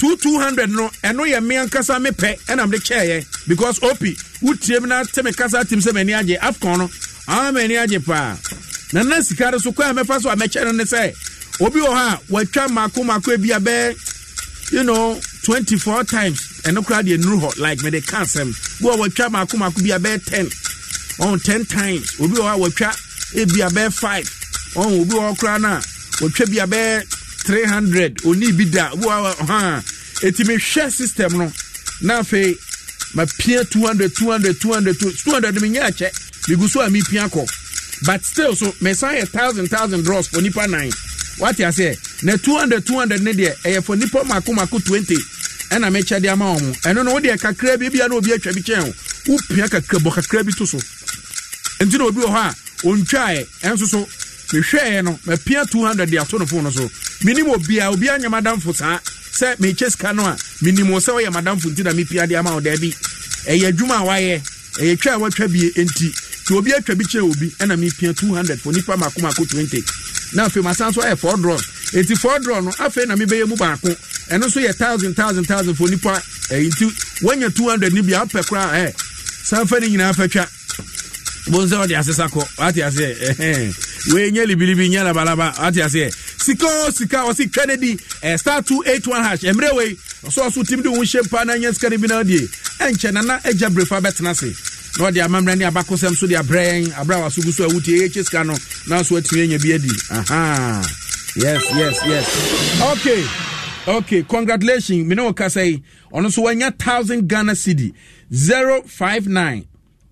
two two hundred no ɛno yɛ mmea nkasa me pɛ ɛna mde kyɛɛ yɛ because opi wotie mu na te me kasa tim sɛ m'ani agye afcon no ama m'ani agye paa na na sika no so kɔ a mɛfa so a mɛkyɛ no ne sɛ obi wɔ hɔ a watwa mako mako bi a bɛɛ you know twenty four times ɛno koraa deɛ nuru hɔ like mede ka asɛm bi wɔ watwa mako mako bi a bɛɛ ten ɔn ten times obi wɔ hɔ a watwa ebi a bɛɛ five ɔn obi wɔ hɔ koraa na watwa bi a bɛɛ three hundred oni bi da obi wɔ hɔ a eti mi hwɛ system no na afei ma pia two hundred two hundred two hundred two two hundred mi nyɛ akyɛ mi gu so a mi pia kɔ but still so mɛ san yɛ thousand thousand draws for nipa nine wate aseɛ na two hundred two hundred ne deɛ ɛyɛ for nipa mako mako twenty ɛna mi kyɛ de ama wɔn ɛno no wodeɛ kakra bi ebi a na obi atwa bi kyɛn o wopia kakra bɔ kakra bi to so nti na obi wɔ hɔ a ontwaɛ ɛnso so mehwɛeɛ no mapia 200 de ato no fo no so menim obia obiaa nyɛ madamfo saa sɛ mekyɛ sika no a menim wo sɛ woyɛ madamfo nti na mepia de ama wo daabi ɛyɛ adwuma a wayɛ ɛyɛ twa a watwa bie enti nti obi atwa bi kyerɛ obi ɛna mepia 200 fo nipa mako mako 20 na afei masan so ayɛ four draw enti four draw no afei na mebɛyɛ mu baako ɛno nso yɛ thousand thousand thousand fo nipa ɛyi nti wanya 200 ni bi apɛ koraa ɛ sanfa ne nyinaa fɛtwa bon ɔde ase sakɔ wate aseɛ wɔnyɛ libiribi nyɛ labalaba wate aseɛ sika o sika ɔsi twɛ di eh, star two eight one hash mmerɛ wei ɔsɔ ɔso tim de wo hyɛ mpa na nyɛ sika no bi na ɔdeɛ ɛnkyɛ nana agya brefa bɛtena se na ɔde amammerɛ ne abakɔsɛm so de abrɛ abrɛ a waso gu so a wotie yɛkyɛ sika no na so atumi anya bi adi yes yes yes okay okay congratulations mene wo kasa yi ɔno nso wanya thousand ghana cedi 059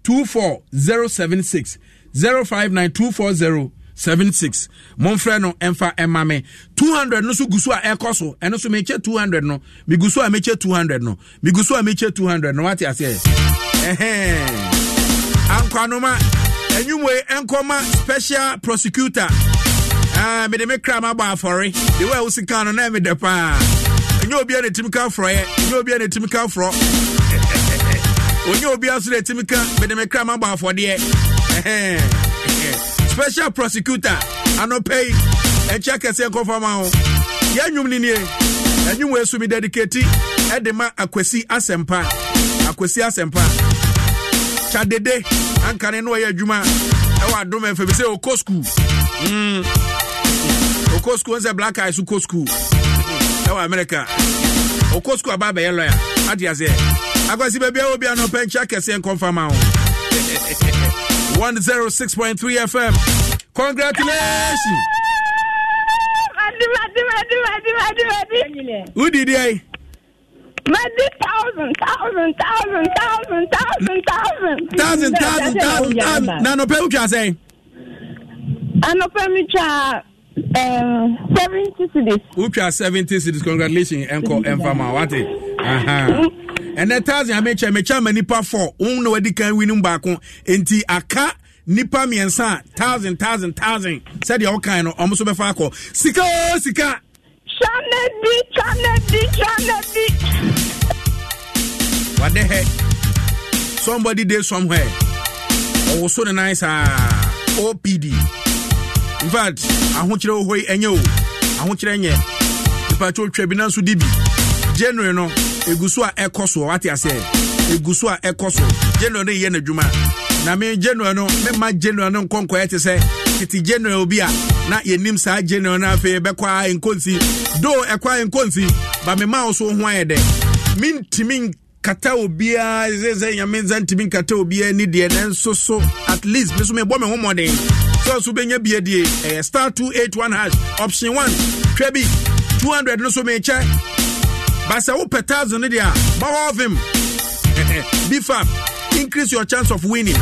two four zero seven six zero five nine two four zero seven six mɔmfrɛ no ɛmfa ɛma me two hundred no so gu so a ɛkɔ so ɛno so mekyɛ two hundred no migu so a mekyɛ two hundred no migu so a mekyɛ two hundred no wate aseɛ ankwanoma enyiwe nkɔma special prosecutor ɛɛ ah, mede me kra ma bɔ afɔre de wo a wosi kan no na ɛmɛ dɛ paa enyi obi a ne tim ka afɔrɔ yɛ enyi ne tim ka afɔrɔ onye obi aso etimi ka mede me kra mabɔ afɔdeɛ special prosecutor anɔpɛi ɛnkyɛ kɛseɛ nkɔfa ma ho yɛ nnwom ne nie ɛnwom ɛsu me dedikati ɛde ma akwasi asempa. akwasi asɛmpa kyadede ankane na ɔyɛ adwuma ɛwɔ adom ɛfɛ bi sɛ ɔkɔ skuul hmm. ɔkɔ skuul sɛ black eyes kɔ skuul ɛwɔ america ɔkɔ skuul aba abɛyɛ lɔya ade aseɛ akwasi baabi a wɔ bia kɛseɛ nkɔmfa ma wo 106.3 fm congratulations Who did I? thousand, thousand, thousand, thousand, thousand, thousand. Thousand, thousand, thousand, thousand. Na no pe utwa say. Anope mi cha um, 70 cities. Utwa 70 cities. Congratulations. Enko Enfama. What Uh-huh. (laughs) ɛnɛ thousand amekyɛ mekyɛ ma nipa four wɔn na wɔdi kan win um, baako nti aka nipa mmiɛnsa thousand thousand thousand sɛdeɛ ɔkan no ɔmo nso bɛfa akɔ sika o sika. twanadi twanadi twanadi. wade hɛ somebody dey somewhere ɔwɔ so ne nan saa opd in fact ahokyerɛ wɔ hɔ yi ɛnyɛ o ahokyerɛ nyɛ nipa tí o twɛ bi nanso di bi january no ɛgu so a ɛkɔ soɔ wate aseɛ ɛgu so a ɛkɔ soɔ january no yɛ n'adwuma na me january no mema january no nkɔnkɔɛ te sɛ tete january obi a na yɛnim saa january no afei bɛkɔ a nkonsi do ɛkɔ a nkonsi ba mema wo so ho ayɛ dɛ mentimi nkata obiaa sɛ sɛ nyame nsa ntimi nkata obiaa ni deɛ nanso so at least me so mebɔ me ho mmɔden sɛ so bɛnya bie die ɛyɛ star 281 hash option one. hwɛ two hundred. no so mekyɛ But say, who thousand in there? More of him. (laughs) Be BFAP, increase your chance of winning.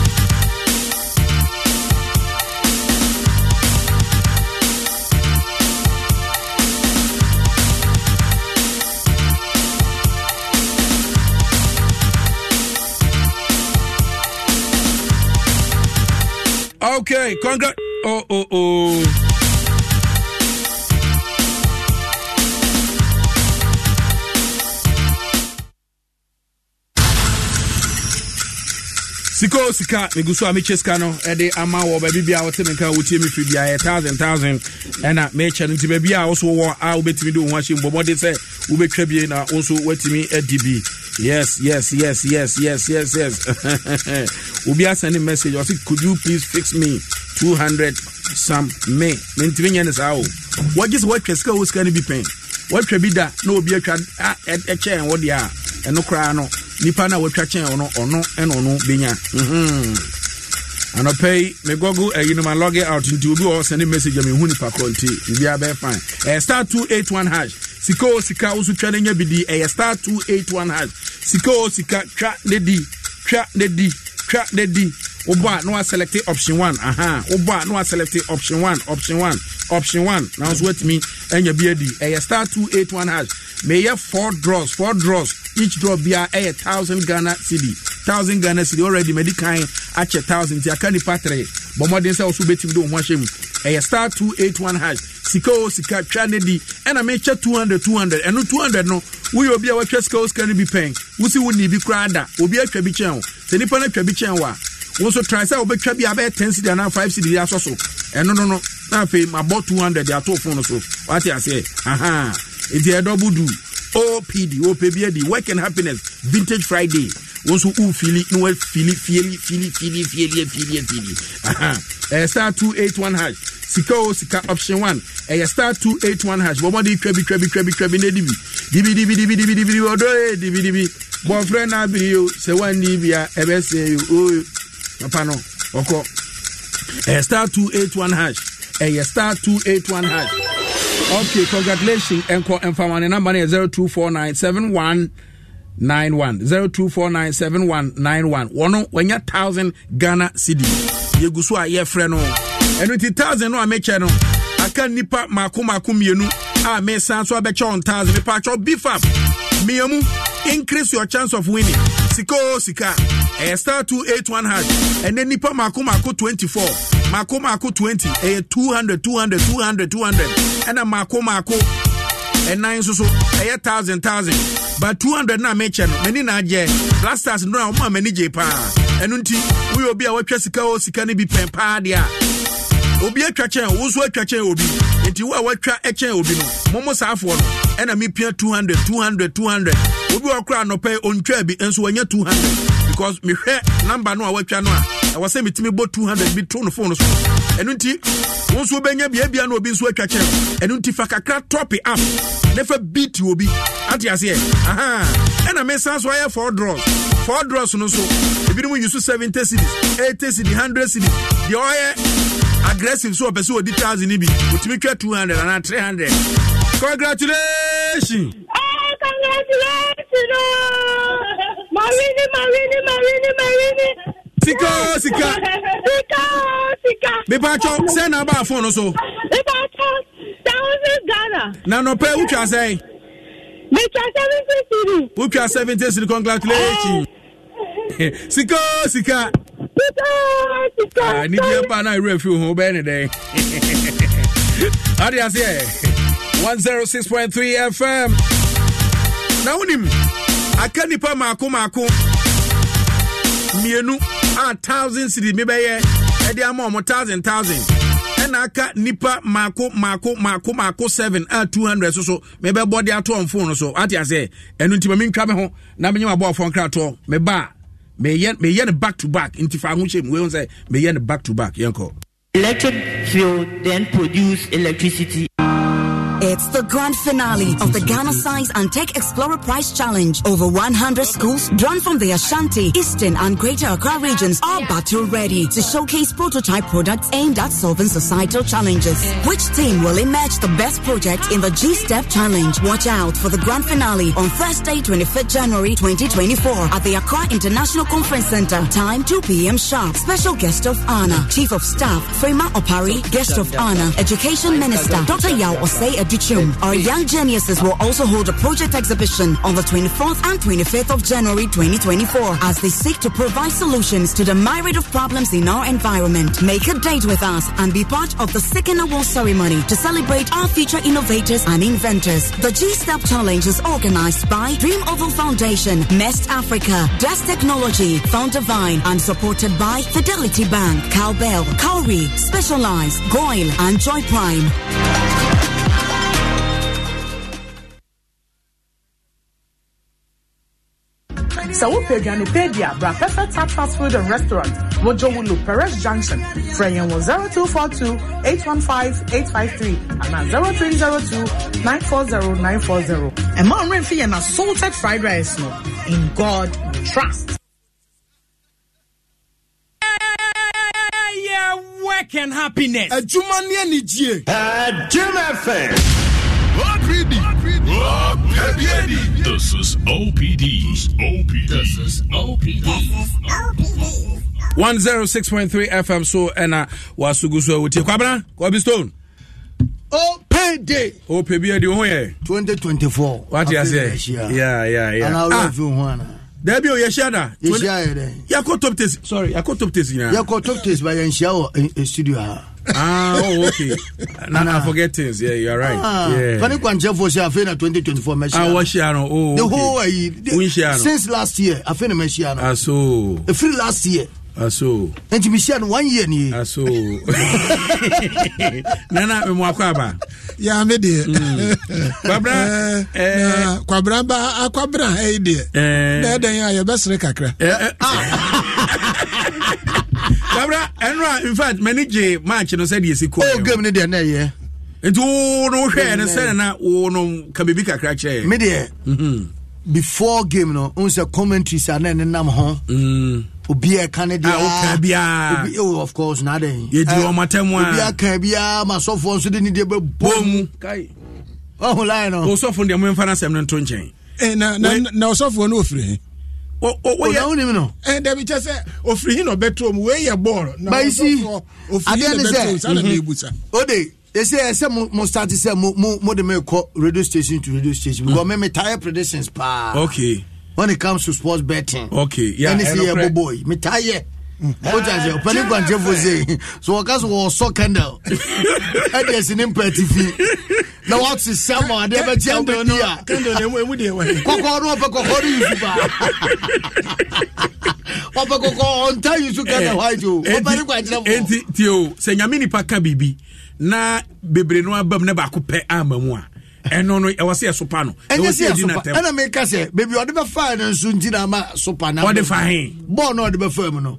Okay, congrats. Oh, oh, oh. sika o sika megu so a mekyɛ sika no de ama wɔ baabi bia wɔte me nka wɔtie me firi bia yɛ thousand thousand ɛna mekyɛ no nti baabi a wo so wɔ a wobɛtumi de wo ho ahyɛ mbɔmmɔde sɛ wobɛtwa bie na wo nso woatumi adi bi yes yes yes yes yes yes yes obi asɛn ne message ɔse could you please fix me 200 sam me mentumi nyɛ ne saa o wɔgye sɛ wɔatwa sika wo sika no bi pɛn wɔatwa bi da na obi atwa ɛkyɛn wo deɛ a ɛno koraa no nipa no watwa kyɛn ɔno ɔno ɛna ɔno bɛnya mhm. anɔpɛ yi me google ayinom alɔge out nti obi wɔ sɛne message a mehu nipa korɔ nti biribiaa bɛyɛ fine ɛyɛ star 281 hash sika o sika wo so twa no nya bi di ɛyɛ star 281 hash sika o sika twa ne di twa ne di twa ne di wobɔ a na waselect option one. aha wobɔ a na waselect option one. option one. option 1 nanso watumi anya bi adi ɛyɛ star 281 hash meyɛ four draws Four draws each drop bia ɛyɛ eh, thousand ghana cedi thousand ghana cedi already mɛdi kan akyɛ thousand ti aka nipa tere bɔ mmɔden sɛ ɔso betumi de wɔn ho ahyɛ eh, mu ɛyɛ star two eight one hash sika o sika twa ne di ɛna eh, mɛkyɛ two hundred two hundred ɛno two hundred no woyɛ obi a wɔatwa sika o sika no bi pɛn wusi wo ni bi koraa da obi atwa bi kyɛn o sɛ nipa no atwa bi kyɛn wa wọn nso try sɛ wobɛtwa bi abɛyɛ ten cd anaa five cd asɔ so ɛno no no na afei mabɔ two hundred de ato fone so wate aseɛ ahan eti ɛdɔ budu opd opɛ bi adi work and happiness vintage friday wọn nso wofili na wafili fieli fieli fieli fieli fieli fieli ɛyɛ star two eight one hash sika o sika option one ɛyɛ eh, star two eight one hash bɔn bɔde twɛbi twɛbi twɛbi twɛbi ne dibi dibi dibi dibi dibi dibi dibi ɔdɔ ye eh, dibi dibi bɔnfrɛ n'abiri o sɛ wa ni bi a ɛbɛ se o oh, papa no Oko. ɛyɛ eh, star two eight one hash ɛyɛ star two eight one hash okay congratulations. ɛnkɔ ɛnfama ne namba no yɛ zero two four nine seven one. Nine one zero two four nine seven one nine one. Wɔn wɔnyɛ thousand Ghana cedi. Yegu so a yɛfrɛ no. Ɛnu ti thousand no a mekyɛ no. Aka nipa mako mako mmienu a ah, mesan so abɛkyɛ on thousand. Mipaatwɛ bifam mmienu increase your chance of winning. Sika o sika. Ɛyɛ star two eight one hash. Ɛnɛ nipa mako mako twenty four mako mako 20 ɛyɛ eh, 200 200 200 200 ɛna mako mako and nine so so ɛyɛ thousand thousand but two hundred na mekyɛ no m'ani na last blasters no na wɔn a je pa paa ɛno nti woyɛ obi a wɔatwa sika o sika ni bi pɛn paa deɛ a obi atwa kyɛn wo nso atwa kyɛn obi nti wo a wɔatwa kyɛn obi no mo mo saafoɔ no ɛna mepia two hundred two hundred two hundred obi wɔ kora anɔpɛ ontwa bi nso wɔnyɛ two hundred because mehwɛ number no a wɔatwa no a ɛwɔ sɛ metumi bɔ 200 bi to no phone so ɛno nti wo nso wobɛnya biabia na obi nso atwa kyɛn ɛno nti fa kakra tɔpe up na fa beat obi ate aseɛ aha ɛna mesan so ayɛ four draws four draws no so ebinom yi so 70 cities 80 cities 100 cities deɛ ɔyɛ aggressive so ɔpɛ sɛ ɔdi 1000 no bi ɔtumi twa 200 anaa 300 congratulations hey, oh, congratulations oh. Marini, Marini, Marini, Marini sika sika sika sika bipatwo sɛ na aba afon no so bipatwo thousand ghana na nɔpɛ wotwa sɛn metwa seventy cedi wotwa seventy cedi congratulation eh. (laughs) sika sika Sika, sika. ne bia ba no awerɛ afiri ho wobɛyɛ One zero six point three fm na wonim aka nnipa maako maako mmienu a thousand city mi ɛde ama ɔmo thousand thousand ɛna aka nipa mako mako mako mako seven a two hundred soso mi de ato ɔmo phone so ati ase ɛnu nti mi ntwa mi ho na mi nye ma bɔ ɔfɔn krataa mi ba mi yɛ ne back to back nti fa ahun mu weyɔn sɛ mi ne back to back yɛn kɔ. electric fuel then produce electricity. It's the grand finale of the Ghana Science and Tech Explorer Prize Challenge. Over 100 schools drawn from the Ashanti, Eastern, and Greater Accra regions are battle ready to showcase prototype products aimed at solving societal challenges. Which team will emerge the best project in the G Step Challenge? Watch out for the grand finale on Thursday, 25th January 2024 at the Accra International Conference Center. Time 2 p.m. sharp. Special guest of honor, Chief of Staff Frema Opari, guest of honor, Education Minister Dr. Yao Osei our young geniuses will also hold a project exhibition on the 24th and 25th of January 2024 as they seek to provide solutions to the myriad of problems in our environment. Make a date with us and be part of the second award ceremony to celebrate our future innovators and inventors. The G-Step Challenge is organized by Dream Oval Foundation, Mest Africa, Desk Technology, Found Divine, and supported by Fidelity Bank, Cowbell, Cowrie, Specialized, Goyle, and Joy Prime. Sawupeganipedia, Bracasa Tap Fast Food and Restaurant, Mojowulu, Perez Junction. Freyan was 0242 815 853 and 0302 940 940. And Mom Renfrey and assaulted fried rice. No. In God, trust. Yeah, work and happiness. A Jumanian Yenijie. A Jim Bob This is OPD. OPD. This is OPD. This is OPD. 106.3 FM so ɛna wasugu so awutie kwabena kwabi stone opd ope bi adi ho yɛ 2024 wate aseɛ yeah yeah yeah ana awo fi ho ana dabi o yɛhyia na yɛhyia yɛ dɛ yɛkɔ top test sorry yɛkɔ top test nyinaa yɛkɔ top test ba yɛnhyia wɔ studio ha ah, oh, okay. nah, nah, forget things. Yeah, you are right. Ah, yeah. Kani kwanchefo si twenty twenty four Ah, washi ano. Oh, okay. The whole way. The, since last year, afena meshi ano. Ah, so. The free last year. aso ah, nti mehyia no one year ni. nie ah, aso (laughs) nana mmoakɔ ba. Yeah me deɛ mm. kwabra eh, eh. kwabra ba akwabra ɛyi eh, deɛ na ɛdɛn a yɛbɛsere kakra ah. (laughs) dabra ɛnura in fact mɛni gye match no sɛ de esi kɔ yɛ o game ni deɛ ne yɛ nti wo no hwɛ ne sɛ na wo no ka biribi kakra kyerɛ yɛ. mi deɛ mhm. before game no n sɛ commentary sa ne nenam ho. Mhm. obiara ka ne deɛ a obiara obi oh, of course na de. yedi wɔn eh, atɛmu a obiara ka biara masɔfo nso de ne deɛ bɛ bɔ mu. ɔhun line no. osɔfo deɛ mo nfa na sɛm ne nto nkyɛn. Eh, na na na osɔfo no ofiri onawonim no dabi kyɛ sɛ ɔfiri hi na ɔbɛtɔ mu wei yɛ bɔɔl baisi adeɛ ne sɛ mhm. ode ɛsɛ ɛsɛ mo start sɛ mode mekɔ radio station to radio station because mm. me metaeɛ predictions paa okay. when it comes to sports betting okay. yeah, ɛne sɛ yɛ bobɔi metaeɛ wọ́n ṣe ọ̀pẹ́ni gbàǹjẹ́fọ́ ṣe so wọ́n ká sọ wọ́n sọ kẹ́ndẹ̀l ẹ̀dí ẹ̀sìn ní mpẹ̀tì fi na wọ́n ti sẹ́mọ̀ adé bẹ́ẹ̀ tí a bẹ́ẹ̀ di a kọ́kọ́ ọdún ọ̀pẹ kọ́kọ́ ọdún yìí sùpà ọ̀pẹ kọ́kọ́ ọ̀ntà yìí sùn wáyé o ọ̀pẹ́ni gbàǹjẹ́fọ́. eti ti o sẹ nyame nipa ka biribi na bebree no abam ne baako pɛ ama mu a ɛno no ɛwɔ sɛ ɛsopa no ɛnyɛ sɛ ɛsopa ɛna meka sɛ beebi ɔde bɛfaa no nso nti na ama sopa na ɔde fa he bɔɔl no ɔde bɛfaa mu no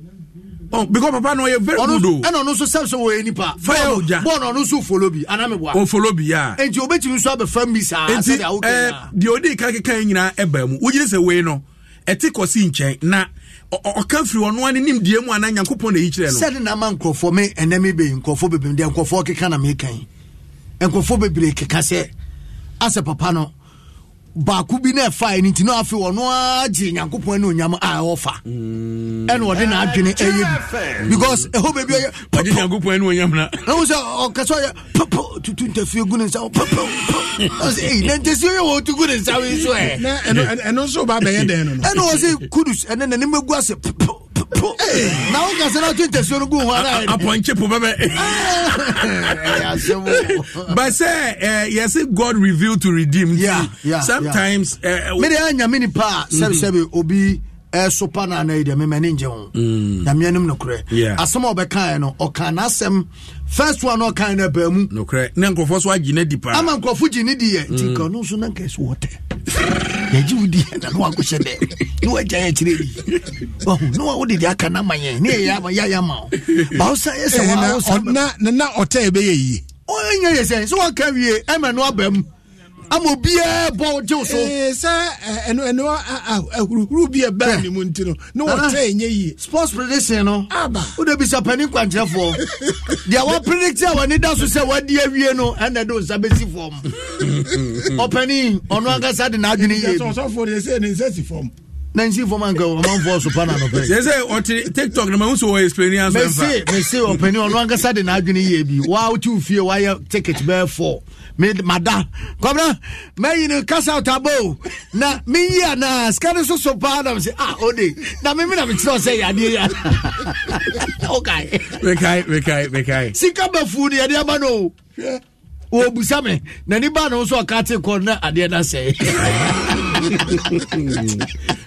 oh, because papa no yɛ very good o. ɛna ɔno nso sɛ sɛ wɔyɛ nipa. fayɛ ɔja bɔɔl ɔno nso folo bi anam wa. o folo bi ya. nti o bɛ tumi nso abɛfa mi saa. nti ɛɛ deɛ o de ka keka yɛ ɛbɛn mu o gyina sɛ wei no ɛte kɔsi nkyɛn na ɔka firi ɔno ani nim die mu ana nyankopɔn na eyi kyerɛ no. sɛde nama nkurɔfoɔ mi ɛnɛ mi bɛyi nkurɔfoɔ bebree deɛ nkurɔfoɔ keka na mi kan nkurɔfoɔ bebree keka sɛ asɛ papa no baako bi na ɛfa ɛni ti na afei ɔno agye nyankopɔn ɛna onyam a ɛwɔfa mm. ɛna ɔde na adwene ɛyɛ bi because ɛhɔ beebi ɔyɛ ɔgye nyankopɔn ɛna onyam na ɛho sɛ ɔkasa ɔyɛ pɔpɔ tutu ntɛfie gu ne nsa pɔpɔ ɔsɛ eyi na ntɛsi ɔyɛ wɔ otu gu ne nsa yi so ɛ. ɛno nso ba bɛyɛ dɛn no. ɛna ɔsɛ kudus ɛne nanim egu ase pɔpɔ po. Eh. na wọn kasa náà tún tẹsí onugun wọn ara yẹn. apɔnkye po bɛbɛ. bɛsɛ (laughs) eh, eh, yɛsi god reveal to redeem. Yeah, yeah, sometimes. mi de yà nyami ni pa sɛbisɛbi mm-hmm. obi. ɛso pa no anaa yi deɛ memane ngye ho mm. nyameanom nokorɛ asɛm a wɔbɛkaeɛ no ɔka n'asɛm first one ɔkan no baa mu um, nokorɛ ne nkurɔfoɔ so agye no adi paa ama nkurɔfo gye ne di yɛ mm. nti nka ɔno nso na nka ɛsɛ wɔtɛ yɛgye wo di yɛ eh, na na wakɔhyɛ dɛ ne woagya yɛ kyerɛ yi ne wode de aka no ama yɛn ne yɛyɛ ama wo bawo sa yɛ sɛ na ɔtɛ ɛbɛyɛ yie ɔnyɛ yɛ sɛ sɛ waka wie ɛma no aba mu ama obiara bɔ gye so. ee eh, sɛ ɛnu ɛnu ahuruhuru bi ɛbɛn ne mu nti no ne wɔ tɛ ɛnyɛ yie. sports prediction no. aba o de bi sɛ panyin kwankyerɛfoɔ (laughs) deɛ wa predict a wani da so sɛ wadi awie no ɛna de o nsa bɛ si fam (laughs) ɔpanyin ɔno ankasa de n'adwene yie. sɔsɔfo de sɛ ne nsa si fam. na nsi fɔm anka ɔma mfɔ so pa na nɔpɛ sɛ sɛ ɔte tiktok no ma woso wɔ explani asɛmfa mese mese ɔpani ɔno ankasa de n'adwene yie bi wa wote wo fie wayɛ ticket bɛɛ fɔ mada kɔmna mɛyini kasa tabo na meyi ana sika no soso paa nam sɛ ah ode na meme na mekyerɛ sɛ yadeɛ sika bafu ne yɛde aba no wɔbusa me na nipa ne wo so ɔka te kɔ na adeɛ no sɛe (laughs)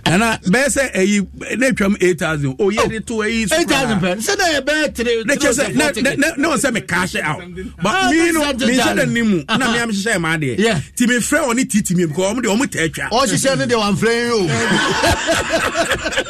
nana (laughs) bɛɛ sɛ ɛyi ne twam eight thousand o yɛ de to ɛyi sukura eight thousand pɛ sɛnɛ yɛ bɛɛ tiri ne kyɛ sɛ ne ne ne wɔn sɛ mi kaase aw ba mi no mi nhyɛ dɛ ni mu (laughs) ɛna mi am hyehyɛ maa deɛ ti mi frɛ wɔn ni ti ti mi because wɔn de wɔn tɛ twa ɔhyehyɛ ne de wɔn frɛ yi o. (laughs)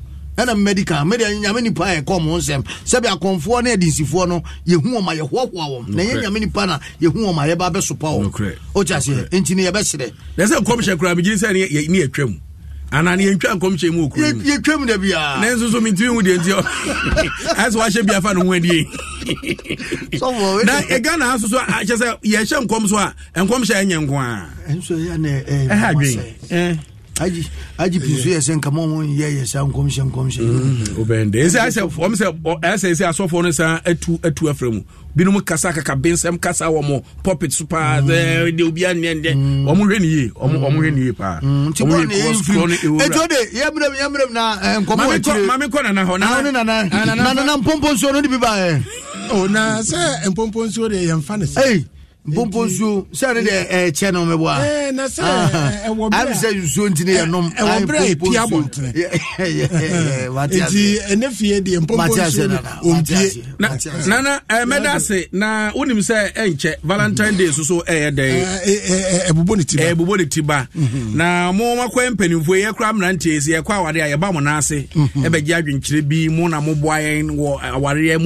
ɛna medical medeɛ nyame nipa a ɛkɔ mo nsɛm sɛbi akɔnfoɔ ne adinsifoɔ no yɛhu wɔn ma yɛhoahoa wɔn na yɛ nyame nipa na yɛhu wɔn ma yɛba abɛsopa wɔn o ti aseɛ nti ne yɛbɛserɛ. na sɛ nkɔmhyɛ koraa mi gyi sɛ ne yɛtwa mu anaa ne yɛntwa nkɔmhyɛ mu okuro mu yɛtwa mu da biara ne nso so metumi hu deɛ nti ayɛ (laughs) sɛ wahyɛ bi afa ho adie na ɛghana so so akyɛ sɛ yɛhyɛ nkɔm so a nkɔmhyɛ ɛnyɛ nko a aji aji pinso yɛ sɛ nkama ɔmo yɛ yɛ sɛ nkɔmhyɛ nkɔmhyɛ. Mm, obɛn de ɛsɛ ɛsɛ ɔmo sɛ ɛsɛ ɛsɛ asɔfo no san etu etu ɛfrɛ mu binom kasa kaka bensɛm kasa wɔ mo pɔpit so ɛɛ de obi aniɛ ndɛ mm. ɔmo hwɛ ni yie ɔmo ɔmo hwɛ ni yie paa. Mm. nti kɔn ne yɛn firi etu de yɛmrɛm yɛmrɛm na eh, nkɔmɔ wɔkyire maame kɔ nana hɔ nana nana nana nana mpɔmpɔ nsuo no de bi ba yɛ. Eh. o oh, na sɛ mpɔmpɔ nsuo de yɛn fa ne sɛ. mpompo nsuo sɛ ne deɛ ɛkyɛ no mɛboaam sɛ nsuo ntine yɛnomnti ɛnɛ fie deɛ nana eh, se. na wonim sɛ ɛnkyɛ valentine day so so ɛyɛ dɛn ɛbobɔ ne na mo makɔ mpanimfoɔ mmerantie sɛ yɛkɔ aware a yɛba mo ase ɛbɛgye adwenkyerɛ bi na moboa yɛn wɔ awareɛ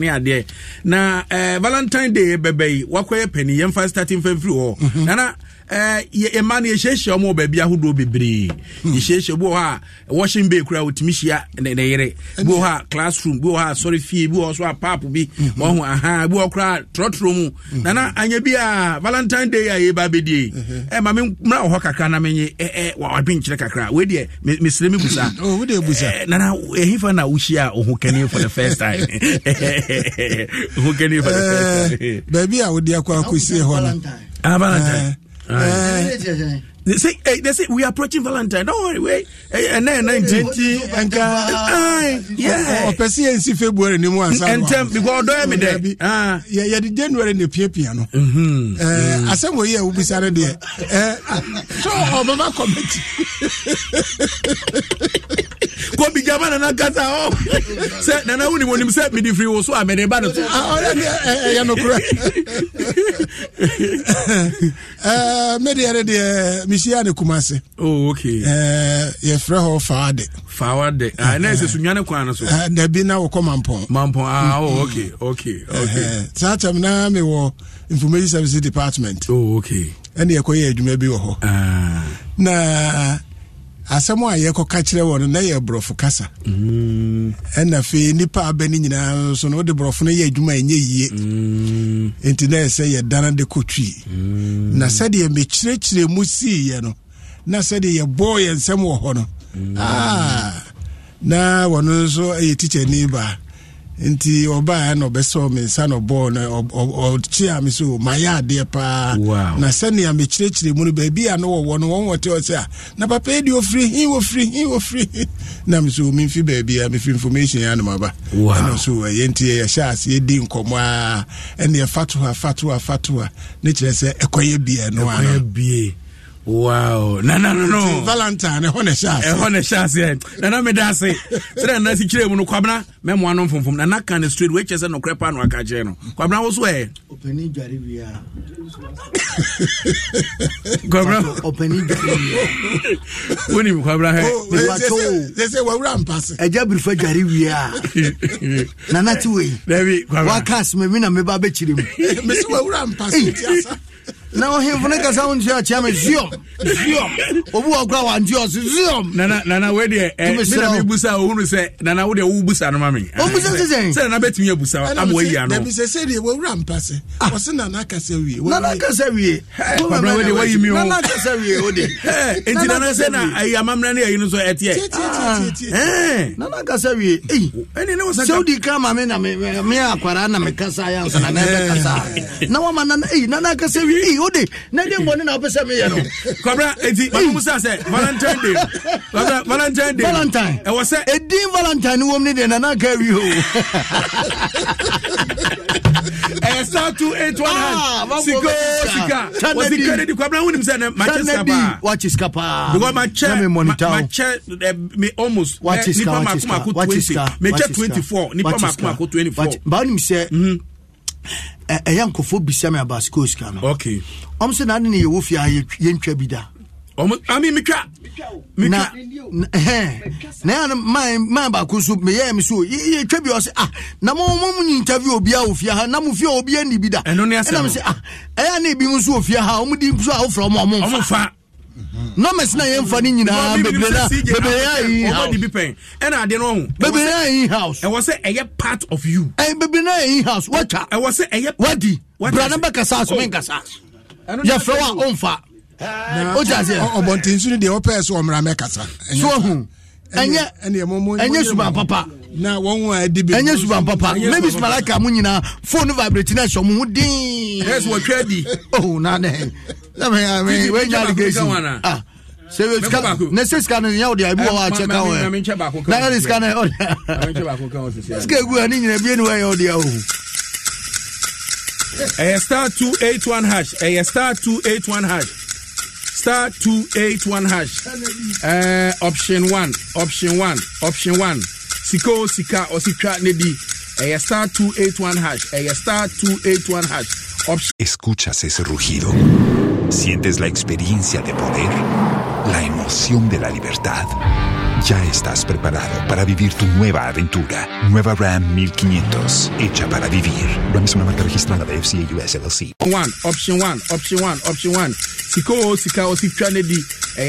ne adeɛ na eh, valentine day bɛbɛyi pɛni yɛmfa starting fam firi hɔ mhm. nana ɛma no yɛhyiahyia mu wɔ baabi ahodoɔ bebree yɛhyiahyia bi wɔ hɔ a washing bay kora wɔtumi hyia ne yere bi wɔ hɔ a classroom bi wɔ hɔ a sɔre fie bi wɔ so a pap bi wɔho aha bi wɔ kora trɔtrɔ mu nana anya bi a valentine day a yɛba bɛdie ɛ uh-huh. eh, ma me mmra wɔ hɔ kakra na menye eh, eh, wadwenkyerɛ kakra wei deɛ mesrɛ me busa (coughs) oh, nana ɛhefa na wohyia a kani for the first time ɔhokani (laughs) for the first time baabi a wode akɔ akɔsie hɔ no valentine ah, 谢谢。they say hey, eh, they say we are approaching Valentine. Don't worry, wait. And then nineteen and yeah. Ọpẹsi oh, yẹn si February ni mu ansa. Ntẹm because ọdọ yẹn mi Ah. Yeah. Yeah. The January na pie pie no. Asẹ́mu oyi ẹ̀ wubisa ne deɛ. Sọ ọbẹ̀bà kọ̀mẹ́tì. Kobi jama nana kasa ọ oh. (laughs) sẹ nana wuli mo nimu sẹ midi firi wo so amẹni ba de so. Ah, Ọ̀rẹ́ mi ẹ yẹn nọ kura. Ẹ (laughs) eh, mi de yẹrẹ de ẹ birihyia ne kumase oh, okay. uh, eh, yɛfrɛ hɔ faade faade ah, eh, na eh. ɛsɛ kwan no so uh, dabi na wokɔ mampɔn mampɔn ah, mm, oh, mm-hmm. okay, okay, okay. Uh, saa kyɛm na mewɔ information services department oh, okay. ɛne yɛkɔyɛ adwuma bi wɔ hɔ ah. na asɛm a yɛkɔka kyerɛ wɔ no na yɛ borɔfo kasa ɛna afei nipa abɛ no nyinaa nso no wode borɔfo no yɛ adwuma ɛnyɛ yie enti na ɛsɛ yɛdana de kɔtwii na sɛdeɛ mekyerɛkyerɛ mu siiɛ no na sɛdeɛ yɛbɔɔ yɛ nsɛm wɔ hɔ no na wɔno nso yɛ tikyani baa nti ɔbaa na ɔbɛsɛ me nsa na na ɔkye a me so mayɛ adeɛ paa na sɛnea mekyerɛkyerɛ mu no baabi a na wɔwɔ no wɔn wɔte ɔ sɛ a na papa yi e deɛ ɔfiri hi wɔfiri hi wɔfiri (laughs) na me so memfi baabi a mefi information a nomaba ɛno so ɛyɛ nti yɛhyɛ ase yɛdi nkɔmmɔ a ɛne ɛfatoa fatoa fatoa ne kyerɛ sɛ ɛkɔyɛ bie no ano wow nana no no valentine ɛhɔ na ɛhyɛ ase ɛhɔ na ɛhyɛ ase nana meda ase sɛdɛ nana si kyerɛ mu no kwabena mɛmoa no mfomfom nana kan ne straight wei kyerɛ sɛ nokorɛ paa no aka kyerɛ no kwabena wo so ɛ ɔpani dware wie a kwabena ɔpani dware wie a wonim kwabena hɛ sɛ sɛ wawura mpa se agya birifa dware wie a nana te wei dabi kwabena waka asɛm mi na meba bɛkyerɛ mu (laughs) mesɛ wawura mpa se ntiasa na ɔhemfo no kasa wo nkyerɛ akyea me ziom ziom obi wɔ kora wante ɔse ziom nana wedeɛ mena mebu sa ɔhunu sɛ nana wodeɛ wobu sa no ma me ɔbusa sɛ sɛn sɛ nana bɛtumi abu sa ama wayi ano dabi sɛ sɛdeɛ wawura mpa sɛ ɔse nana kasa wie nana kasa wie pabra wode nana kasa wie wode enti nana sɛ na ayi amamena ne ayi no nana kasa wie sɛ wodi ka ma me na me na mekasa yɛ ansa nana ɛbɛkasa na wama nana nana kasa wie wi o de na de mɔni na o pese mi yɛ no. (laughs) kɔbra eti mamu sɛ valentine day kɔbra valentine day valentine ɛwɔ sɛ. edin valentine ni de nana kɛ wi o. (laughs) ɛyɛ star two eight one hand ah, sika o sika o sika de di kɔbra n wunim sɛ ma kyɛ sika paa wa sika paa because ma kyɛ ma kyɛ mi almost nipa ma kumako twenty mi kyɛ twenty four nipa ma kumako twenty four. baa ni mi sɛ. Mhm ɛyɛ nkɔfoɔ bisa me aba sika osika no ɔm sɛ naade ne yɛwɔ fie a yɛntwa bi da na ɛyɛ ma baako nso meyɛɛ me so yɛtwa bi ɔ sɛ ah na momo mu interview obia a fie ha na mo fie a obia nni bi da ɛnam sɛ ah ɛyɛ ne bi mu nso wɔ fie ha ɔmudi so a wofrɛ ɔmo ɔmomfa nɔmɛs na yɛmfa no nyinaa bebree ayi house house. ɛwɔ sɛ ɛyɛ part of you bebree na ayi house watwa ɛwɔ sɛ ɛyɛ wadi bra ne bɛkasa oh. so menkasa yɛfrɛ wo a ɔmfa wogya seɛ ɔbɔntensu no deɛ wɔpɛɛ sɛ ɔmmra mɛkasa so ahu ɛnyɛ ɛnyɛ suma papa na wɔn wɔn a ɛdi bi. ɛnyɛ suban papa maybe sumalaka mu nyinaa phone vibrate na sɔmu ho diin. ɛsɛ wɔtwɛ di. oh na dɛ sɛbɛn mi wɛn nyɛ allegation ah sebe sika ne se sika ne nya o de ebi wɔ hɔ akyɛ kan wɔ yɛ na yɛ de sika ne ɔ de sika egu yɛ ne nyina ebien wɔ yɛ ɔ de yɛ o. ɛyɛ star two eight one hash ɛyɛ eh, star two eight one hash star two eight one hash ɛɛ eh, option one option one option one. sika o sika ositwa ne star 281 hash eh, 281 hash Option. escuchas ese rugido sientes la experiencia de poder la emoción de la libertad ya estás preparado para vivir tu nueva aventura. Nueva Ram 1500, hecha para vivir. Ram es una marca registrada de FCA US LLC. One, option 1, option 1, option 1, Sika o sika o sitwa ne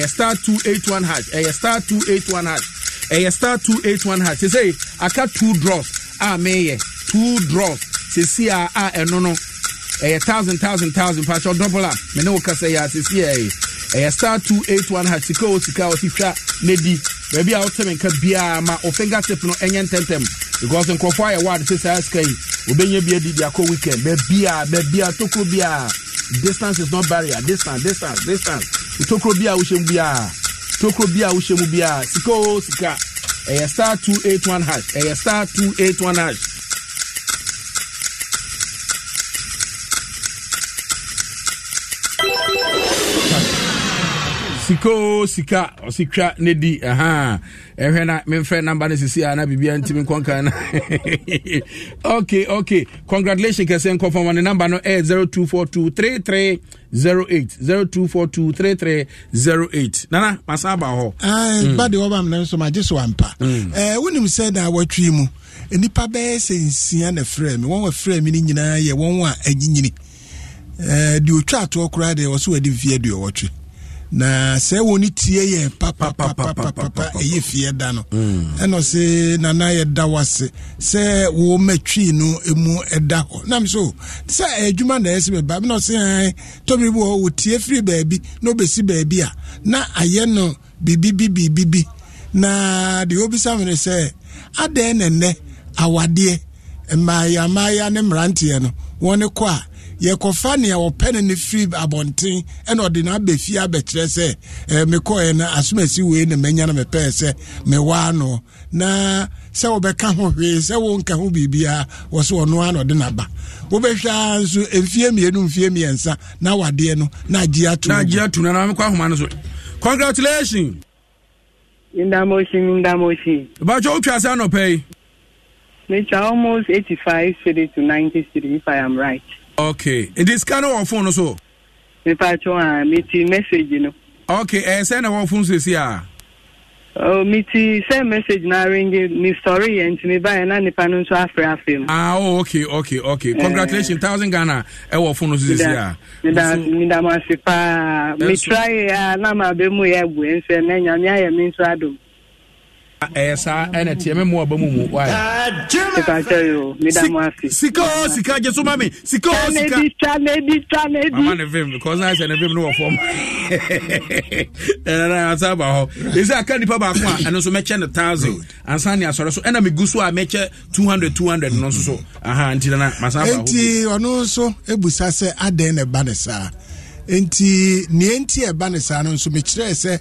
star 281 hash. Eh, 281 hash. ɛyɛ star two eight one hash sɛ aka two draws a ah, meyɛ two draws sisi a a ɛno no ɛyɛ thousand thousand thousand patsɔ double a ah. mene wo kasa yɛ a sisi ɛyɛ eh, eh. ɛyɛ star two eight one hash sika o sika o si hwɛ n'edi baabi a wotɛmɛ nka biara ma o finger tip no ɛnyɛ ntɛntɛm because nkurɔfoɔ ayɛ ward sɛ saa sika yi obɛnyɛ bi adi di akɔ weekend baabi a ah, baabi a tokuro bi a distance is not barrier distance distance distance tokuro bi a wohyɛ mu bi a tokuro bi a wohyɛ mu bi a sika o sika ɛyɛ star two eight one hash ɛyɛ star two eight one hash. sika o sika ɔsi ne di ɛhan ɛhwɛ na memfrɛ namba no sisi a na biribia ntimi nkɔnka no (laughs) ok ok congratulation kɛsɛ nkɔfama ne namba no ɛ 02423308 02423308 nana masa aba hɔ mm. ba de wɔba mnɛ nso magye so ampa mm. eh, wonim sɛ da watwi mu nnipa bɛyɛ sɛ nsia na frɛ me wɔn wɔfrɛ me no nyinaa yɛ wɔn a anyinyini eh, deɛ ɔtwa atoɔ koraa deɛ wɔ so wadi mfeɛ deɛ ɔwɔtwe na sɛ wɔne tie yɛ papapapapa ɛyɛ fie da no mm. ɛnna se nana yɛ da wase sɛ wo matwii no mu ɛda hɔ nam so sɛ ɛdwuma na ɛsɛ bɛba bina ɔse tɔbi bi wɔ wɔtie firi baabi na ɔbɛsi baabi a na ayɛ no biribibi biribibi na deɛ obisa mene sɛ adɛn nɛnɛ awadeɛ mmaayammaaya ne mmeranteɛ no wɔne kɔ a yɛkɔfa nea ɔpɛ no ne firi abɔnten ɛna ɔde no aba fie abɛkyerɛ sɛ eh, mekɔɛ no asomasi wei ne manya no mepɛɛ sɛ mewaa no na sɛ wobɛka ho hwee sɛ wonka ho biribiaa wɔ sɛ ɔno a na ɔde naba wobɛhwɛ a nso mfie mmienu mfie mmiɛnsa na wadeɛ no na agye ato na na mekɔ ahoma no so congratulation ndamosi ndamosi bakyɛ wotwa sɛ anɔpɛ yi metwa almost 85 straight to 90 straight if i am right okay nti sika no wɔ fon no so. nipa tí wọn a mi ti message no. okay ẹ sẹ na wọn fun sisi a. Oh, mi ti send message na ringi mi story yẹn ti mi báyẹn na nipa no nso afẹ afẹ mu. ah oh, okay okay okay eh. Congratulations, yeah. thousand ghana ẹ wọ fun no sisi a. midamasi paa mi try ya ah, na ma bẹ mu yẹ bu ẹ nsẹ mẹ nyamia yẹ mi nso adum ɛyɛ saa ɛna tiɛ mɛ mu ɔbɛ mu mu wa yɛ. sika o sika jɛ mami, sika, mi sika o sika. mama ne fim because n'a sɛ ne fim ne wɔ fɔm ɛnana ansa ba hɔ esi aka nipa baako a ɛno nso mɛkyɛ ne thousand ansa ne asɔre so ɛna mi gu so a mɛkyɛ two hundred two hundred no nso so ahan nti nana masa ba hɔ. eti ɔno nso ebusa sɛ adan na ɛba ne saa nti nea nti ɛba ne e, saa no nso mekyerɛ sɛ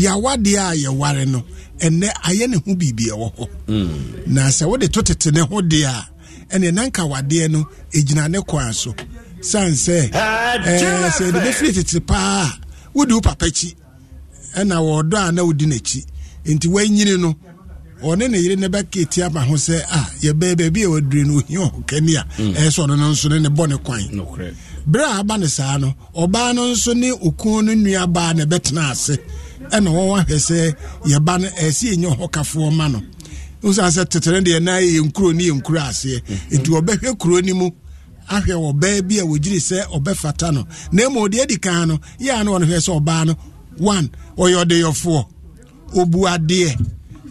yawadeɛ a yɛware no ɛnɛ ayɛ ne ho biribi ɛwɔ hɔ na sɛ wode to tete ne ho deɛ a ɛneɛ nanka wadeɛ no ɛgyina ne kwan so sane sɛ sɛ de bɛfiri tete paa wode wo papa kyi ɛna wɔɔdɔ a na wodi n'akyi nti woanyini no ɔne ne yere ne bɛka ti ama ho sɛ a ah, yɛbɛɛ baabi a wadure no ohia ɔhokani a mm. ɛɛ sɛ ɔno no nso ne ne bɔ ne kwan bere a aba ne saa no ɔbaa no nso ne okun no nnua baa na ɛbɛtena ase ɛna wɔn ahwɛ sɛ yɛba no ɛsi enye ɔhɔkafoɔ ma no nsa sɛ tetere deɛ nan yɛ nkuro ne yɛ nkuro aseɛ nti ɔbɛhwɛ kuro ne mu ahwɛ ɔbaa bi a wogyiri sɛ ɔbɛfata no na emu deɛ edi kan no yɛ ano wɔn hwɛ sɛ ɔbaa no one ɔyɛ ɔdeyɔfoɔ obu adeɛ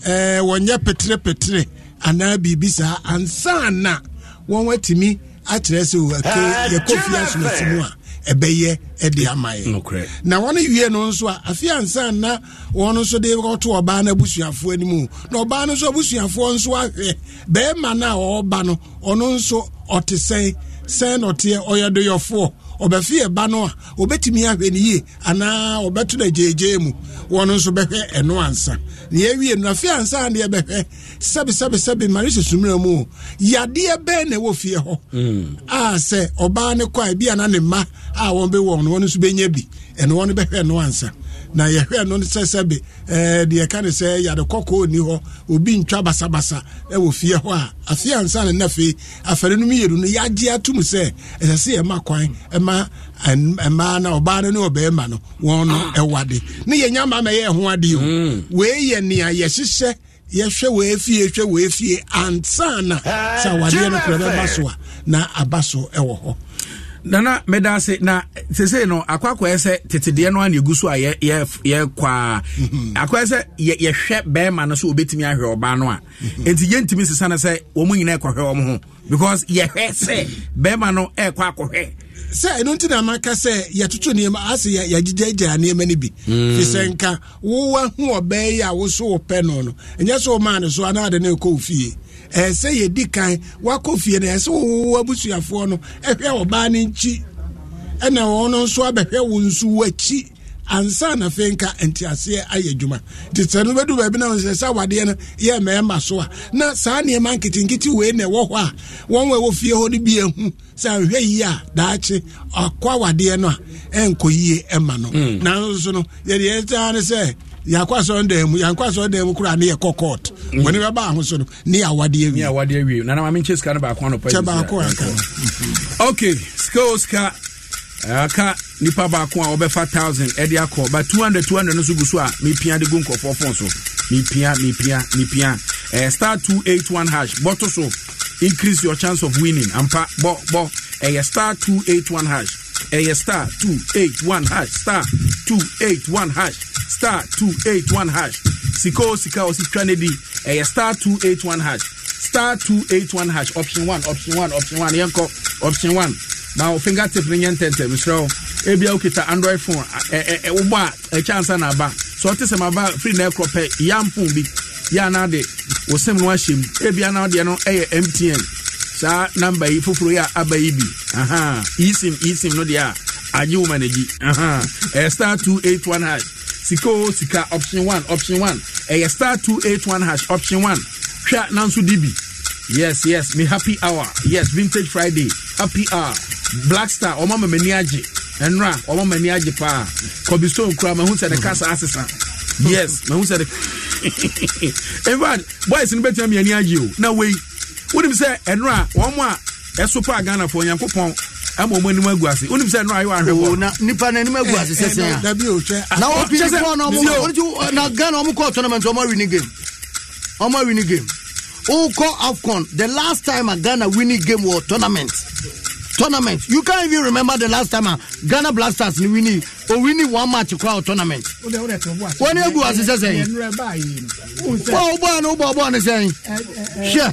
ɛɛ wɔnyɛ petere anaa biribi saa ansa ana wɔn atumi. akyerɛ sɛ eh, yɛkɔfie asonasi mu a ɛbɛyɛ ɛde eh, ama yɛ na wɔn wie no nso a afi ansa na wɔn nso de kɔto ɔbaa no abusuafoɔ anim na ɔbaa no nso abusuafoɔ nso ahwɛ bɛrima no a ɔɔba no ɔno nso ɔte sɛn sɛn na ɔteɛ ɔbɛfi ɛba no a ɔbɛtumi ahwɛ ne yie anaa ɔbɛto no gyegye mu wɔn nso bɛhwɛ ɛno ansa na yɛwie no afi ansa adeɛ bɛhwɛ sɛbisɛbisɛbi mari susu mmerɛ mu yadeɛ bɛɛ na ɛwɔ fie hɔ mm. a sɛ ɔbaa ne kɔ a ebi ana ne mma a wɔn bɛ wɔn no wɔn nso bɛnya bi ɛno wɔn bɛhwɛ ɛno ansa. na yɛhwɛ no sɛ sɛbe eh, deɛ ɛka ne sɛ yade kɔkɔɔ ni hɔ obi ntwa basabasa ɛwɔ fie hɔ a afei ansa ne nafei afɛre no mu yɛdu no yɛagye atom sɛ ɛsɛ sɛ yɛma kwan ɛma mmaa na ɔbaa no ne ɔbɛɛma no wɔn no ɛwade ne yɛnya ma ma yɛ ho adeɛ o mm. wei yɛ nea yɛhyehyɛ yɛhwɛ wɔ fie hwɛ wɔ fie ansa na sɛ awadeɛ no korɛ bɛba so a na aba so ɛwɔ hɔ nana meda ase na sesei no akɔ akɔɛ sɛ tetedeɛ no ane egu so a yɛ yɛ yɛkɔ a akɔɛ yɛ mhm. yɛhwɛ bɛrima no so wɔbɛtumi ahwɛ ɔbaa no a mhm. enti yɛntumi sesa no sɛ wɔn nyinaa nyina ɛkɔhwɛ wɔ m ho because yɛhwɛ sɛ bɛrima no ɛkɔ akɔhwɛ sɛ ɛno nti na maka sɛ yɛtoto nneɛma ase yɛagyigyagyaa nneɛma no bi mm. fi sɛ nka wowahu ɔbɛɛ yi a wo so wopɛ no no ɛnyɛ sɛ womaa ne so anaade ne ɛkɔ wo fie ɛsɛ yɛdi kan wakɔ fie no ɛsɛ wowo abusuafoɔ no ɛhwɛ ɔbaa no nkyi ɛna ɔno nso abɛhwɛ wo nso wakyi ansa na afei nka nteaseɛ ayɛ adwuma nti sɛ no bɛdu baabi na sɛ sɛ awadeɛ no yɛ mmarima so a na saa nneɛma nketenkete wei na ɛwɔ hɔ a wɔn wɔ ɛwɔ fie hɔ no bi ahu sɛ ahwɛ yie a daakye akɔ awadeɛ no a ɛnkɔ yie ɛma no mm. nanso so no yɛdeɛ ɛtaa ne sɛ yɛakɔ asɔredan mu yɛankɔ asɔredan mu koraa ne yɛkɔ court mm. wɔne bɛba ahoso no ne yɛawadeɛ wie awadeɛ wie nana ma menkyɛ sika no baako anɔpa kyɛ baako aka (laughs) okay sika o sika aka nipa baako a wɔbɛfa thousand ɛde akɔ ba two hundred two hundred no so gu so a mepia de gu nkɔfoɔ fon so mepia mepia mepia ɛɛ star two eight one hash bɔto so increase your chance of winning ampa bɔ bɔ ɛyɛ star two eight one hash ɛyɛ star two eight one hash star two eight one hash star two eight one hash sika o sika o si twa ne di ɛyɛ star two eight one hash star two eight one hash option one option one option one yɛn kɔ option one na o finger tip ne yɛn tɛntɛn misiraw ebi a okita android phone ɛ ɛ ɛ wobɔ a ɛkyɛ ansa na ba. so ɔte sɛ ma ba free na ɛkorɔ pɛ yam phone bi yɛ anan de o sɛm no ahyɛ mu ebi anan deɛ no ɛyɛ mtn saa namba yi foforɔ yi a aba yi bi esim esim no deɛ a agye woma n'agyi ɛyɛ star two eight one hash sika o sika option one option one ɛyɛ star two eight one hash option one hwɛ nanso di bi yes yes me happy hour yes vintage friday happy hour black star ɔmo ama m'ani agye ɛnura ɔmo ama m'ani agye paa kɔbi stone kura ma ho sɛ ne kasa asesa. yes mahu sɛ de in fact boys no bɛtumi amiani agye o na wei wonim sɛ ɛno a wɔn a ɛso pa ghanafoɔ nyankopɔn ama ɔmo anim agu ase wonim sɛ ɛnora ayɛ ahwɛ bɔ na nipa na anim agu ase sɛsɛ a na wɔpi ne kɔɔ na ɔmo eh, na ghana ɔmo kɔɔ tournament ɔmo awi ne game ɔmo awi ne game wokɔ afcon the last time a ghana win ne game wɔ tournament tournament you can't even remember the last time ah, ghana blasters ni winni o winni one match kura o tournament. wọ́n ní egu àṣìṣe sẹ́yìn. bọ́ ọ bọ́ ọ ní bọ́ ọ bọ́ ọ ní sẹ́yìn. ṣe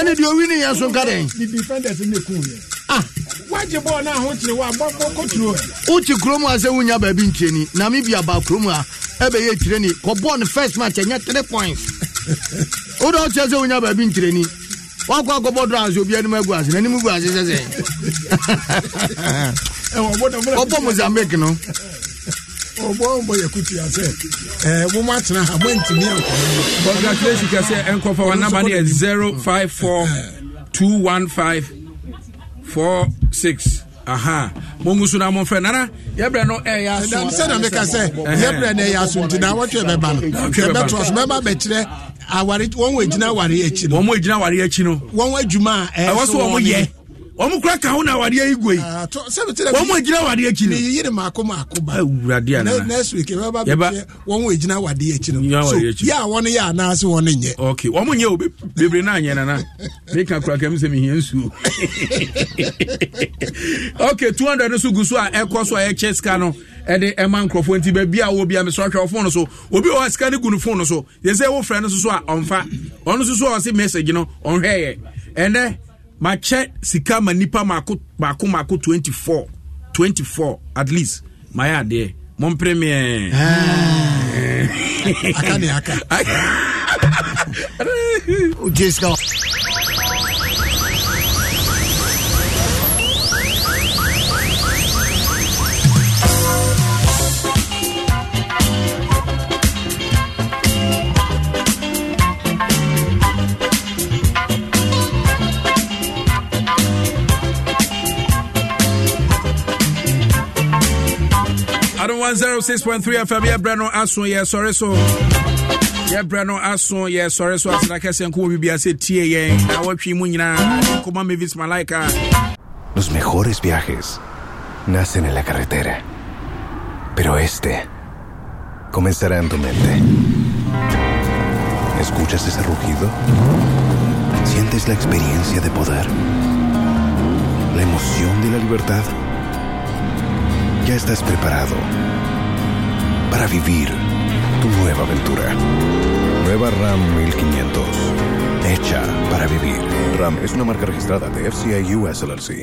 ẹni di owinni yẹn sun kára yẹn. the defenders ní kun yẹn. Ah. wájú bọ́ọ̀ náà ó ti wá bọ́ bọ́ kó turo ẹ̀. ó ti kurom ase wunya bẹẹbi ntiẹ ni namibia ba kurom a ẹ bẹ yẹ tire ni kọ bọ́ọ̀ ni first match ẹ̀ nyẹ three points. (laughs) ó dọ̀ ọ́ ti ẹ sẹ́ wunya bẹẹbi ntiẹ ni wọn (laughs) kọ akọbọ dọrọ àti obi ẹnum egu ase n'anim egu ase sẹsẹ ọbọ mozambique no. ọbọ ọbọ yẹ kuti ase ẹ mo ma tena ha mo n tini ẹ nkọ. congratulations kẹsẹ ẹ nkọ fọ wa namba ni ẹ zero five four two one five four six aha mo ngu so nana yɛbrɛ no ɛyɛ aso. sɛ na mi ka sɛ yɛbrɛ no ɛyɛ aso nti na awɔtwe bɛ so mɛba bɛ awari wɔn wo egyina awari ekyi no wɔn wo egyina awari ekyi no wɔn adwuma a ɛwɔ so wɔn yɛ wɔn kura ka ho na awadeɛ yi gue yi wɔn mo gyina awadeɛ akyi ni maako maako ba awurade anana next week yɛ bɛ ba bɛ wɔn mo gyina awadeɛ akyi no so yɛ a wɔn yɛ anaase wɔn nyɛ. ok wɔn mo nyɛ o bebree naa nyɛ nana mi kan kura kɛm sɛ mi hiɛ nsuo (laughs) ok two hundred no so gu so a ɛkɔ so a ɛkyɛ sika no ɛde ɛma nkurɔfoɔ nti baabi a wɔ bi a mesɔ ahwɛ ɔfon no so obi wɔ sika ne gu no fon no so yɛ sɛ ɛwɔ frɛ no soso a ɔnfa ɔno soso a ɔsi message no ɔnhwɛ yɛ ɛnɛ makyɛ sika ma nipa maako maako maako twenty four twenty four at least Maya adeɛ mɔmpere meɛ. aka ni aka. o (laughs) Los mejores viajes nacen en la carretera, pero este comenzará en tu mente. ¿Escuchas ese rugido? ¿Sientes la experiencia de poder? ¿La emoción de la libertad? Ya estás preparado para vivir tu nueva aventura. Nueva RAM 1500. Hecha para vivir. RAM es una marca registrada de FCI US LLC.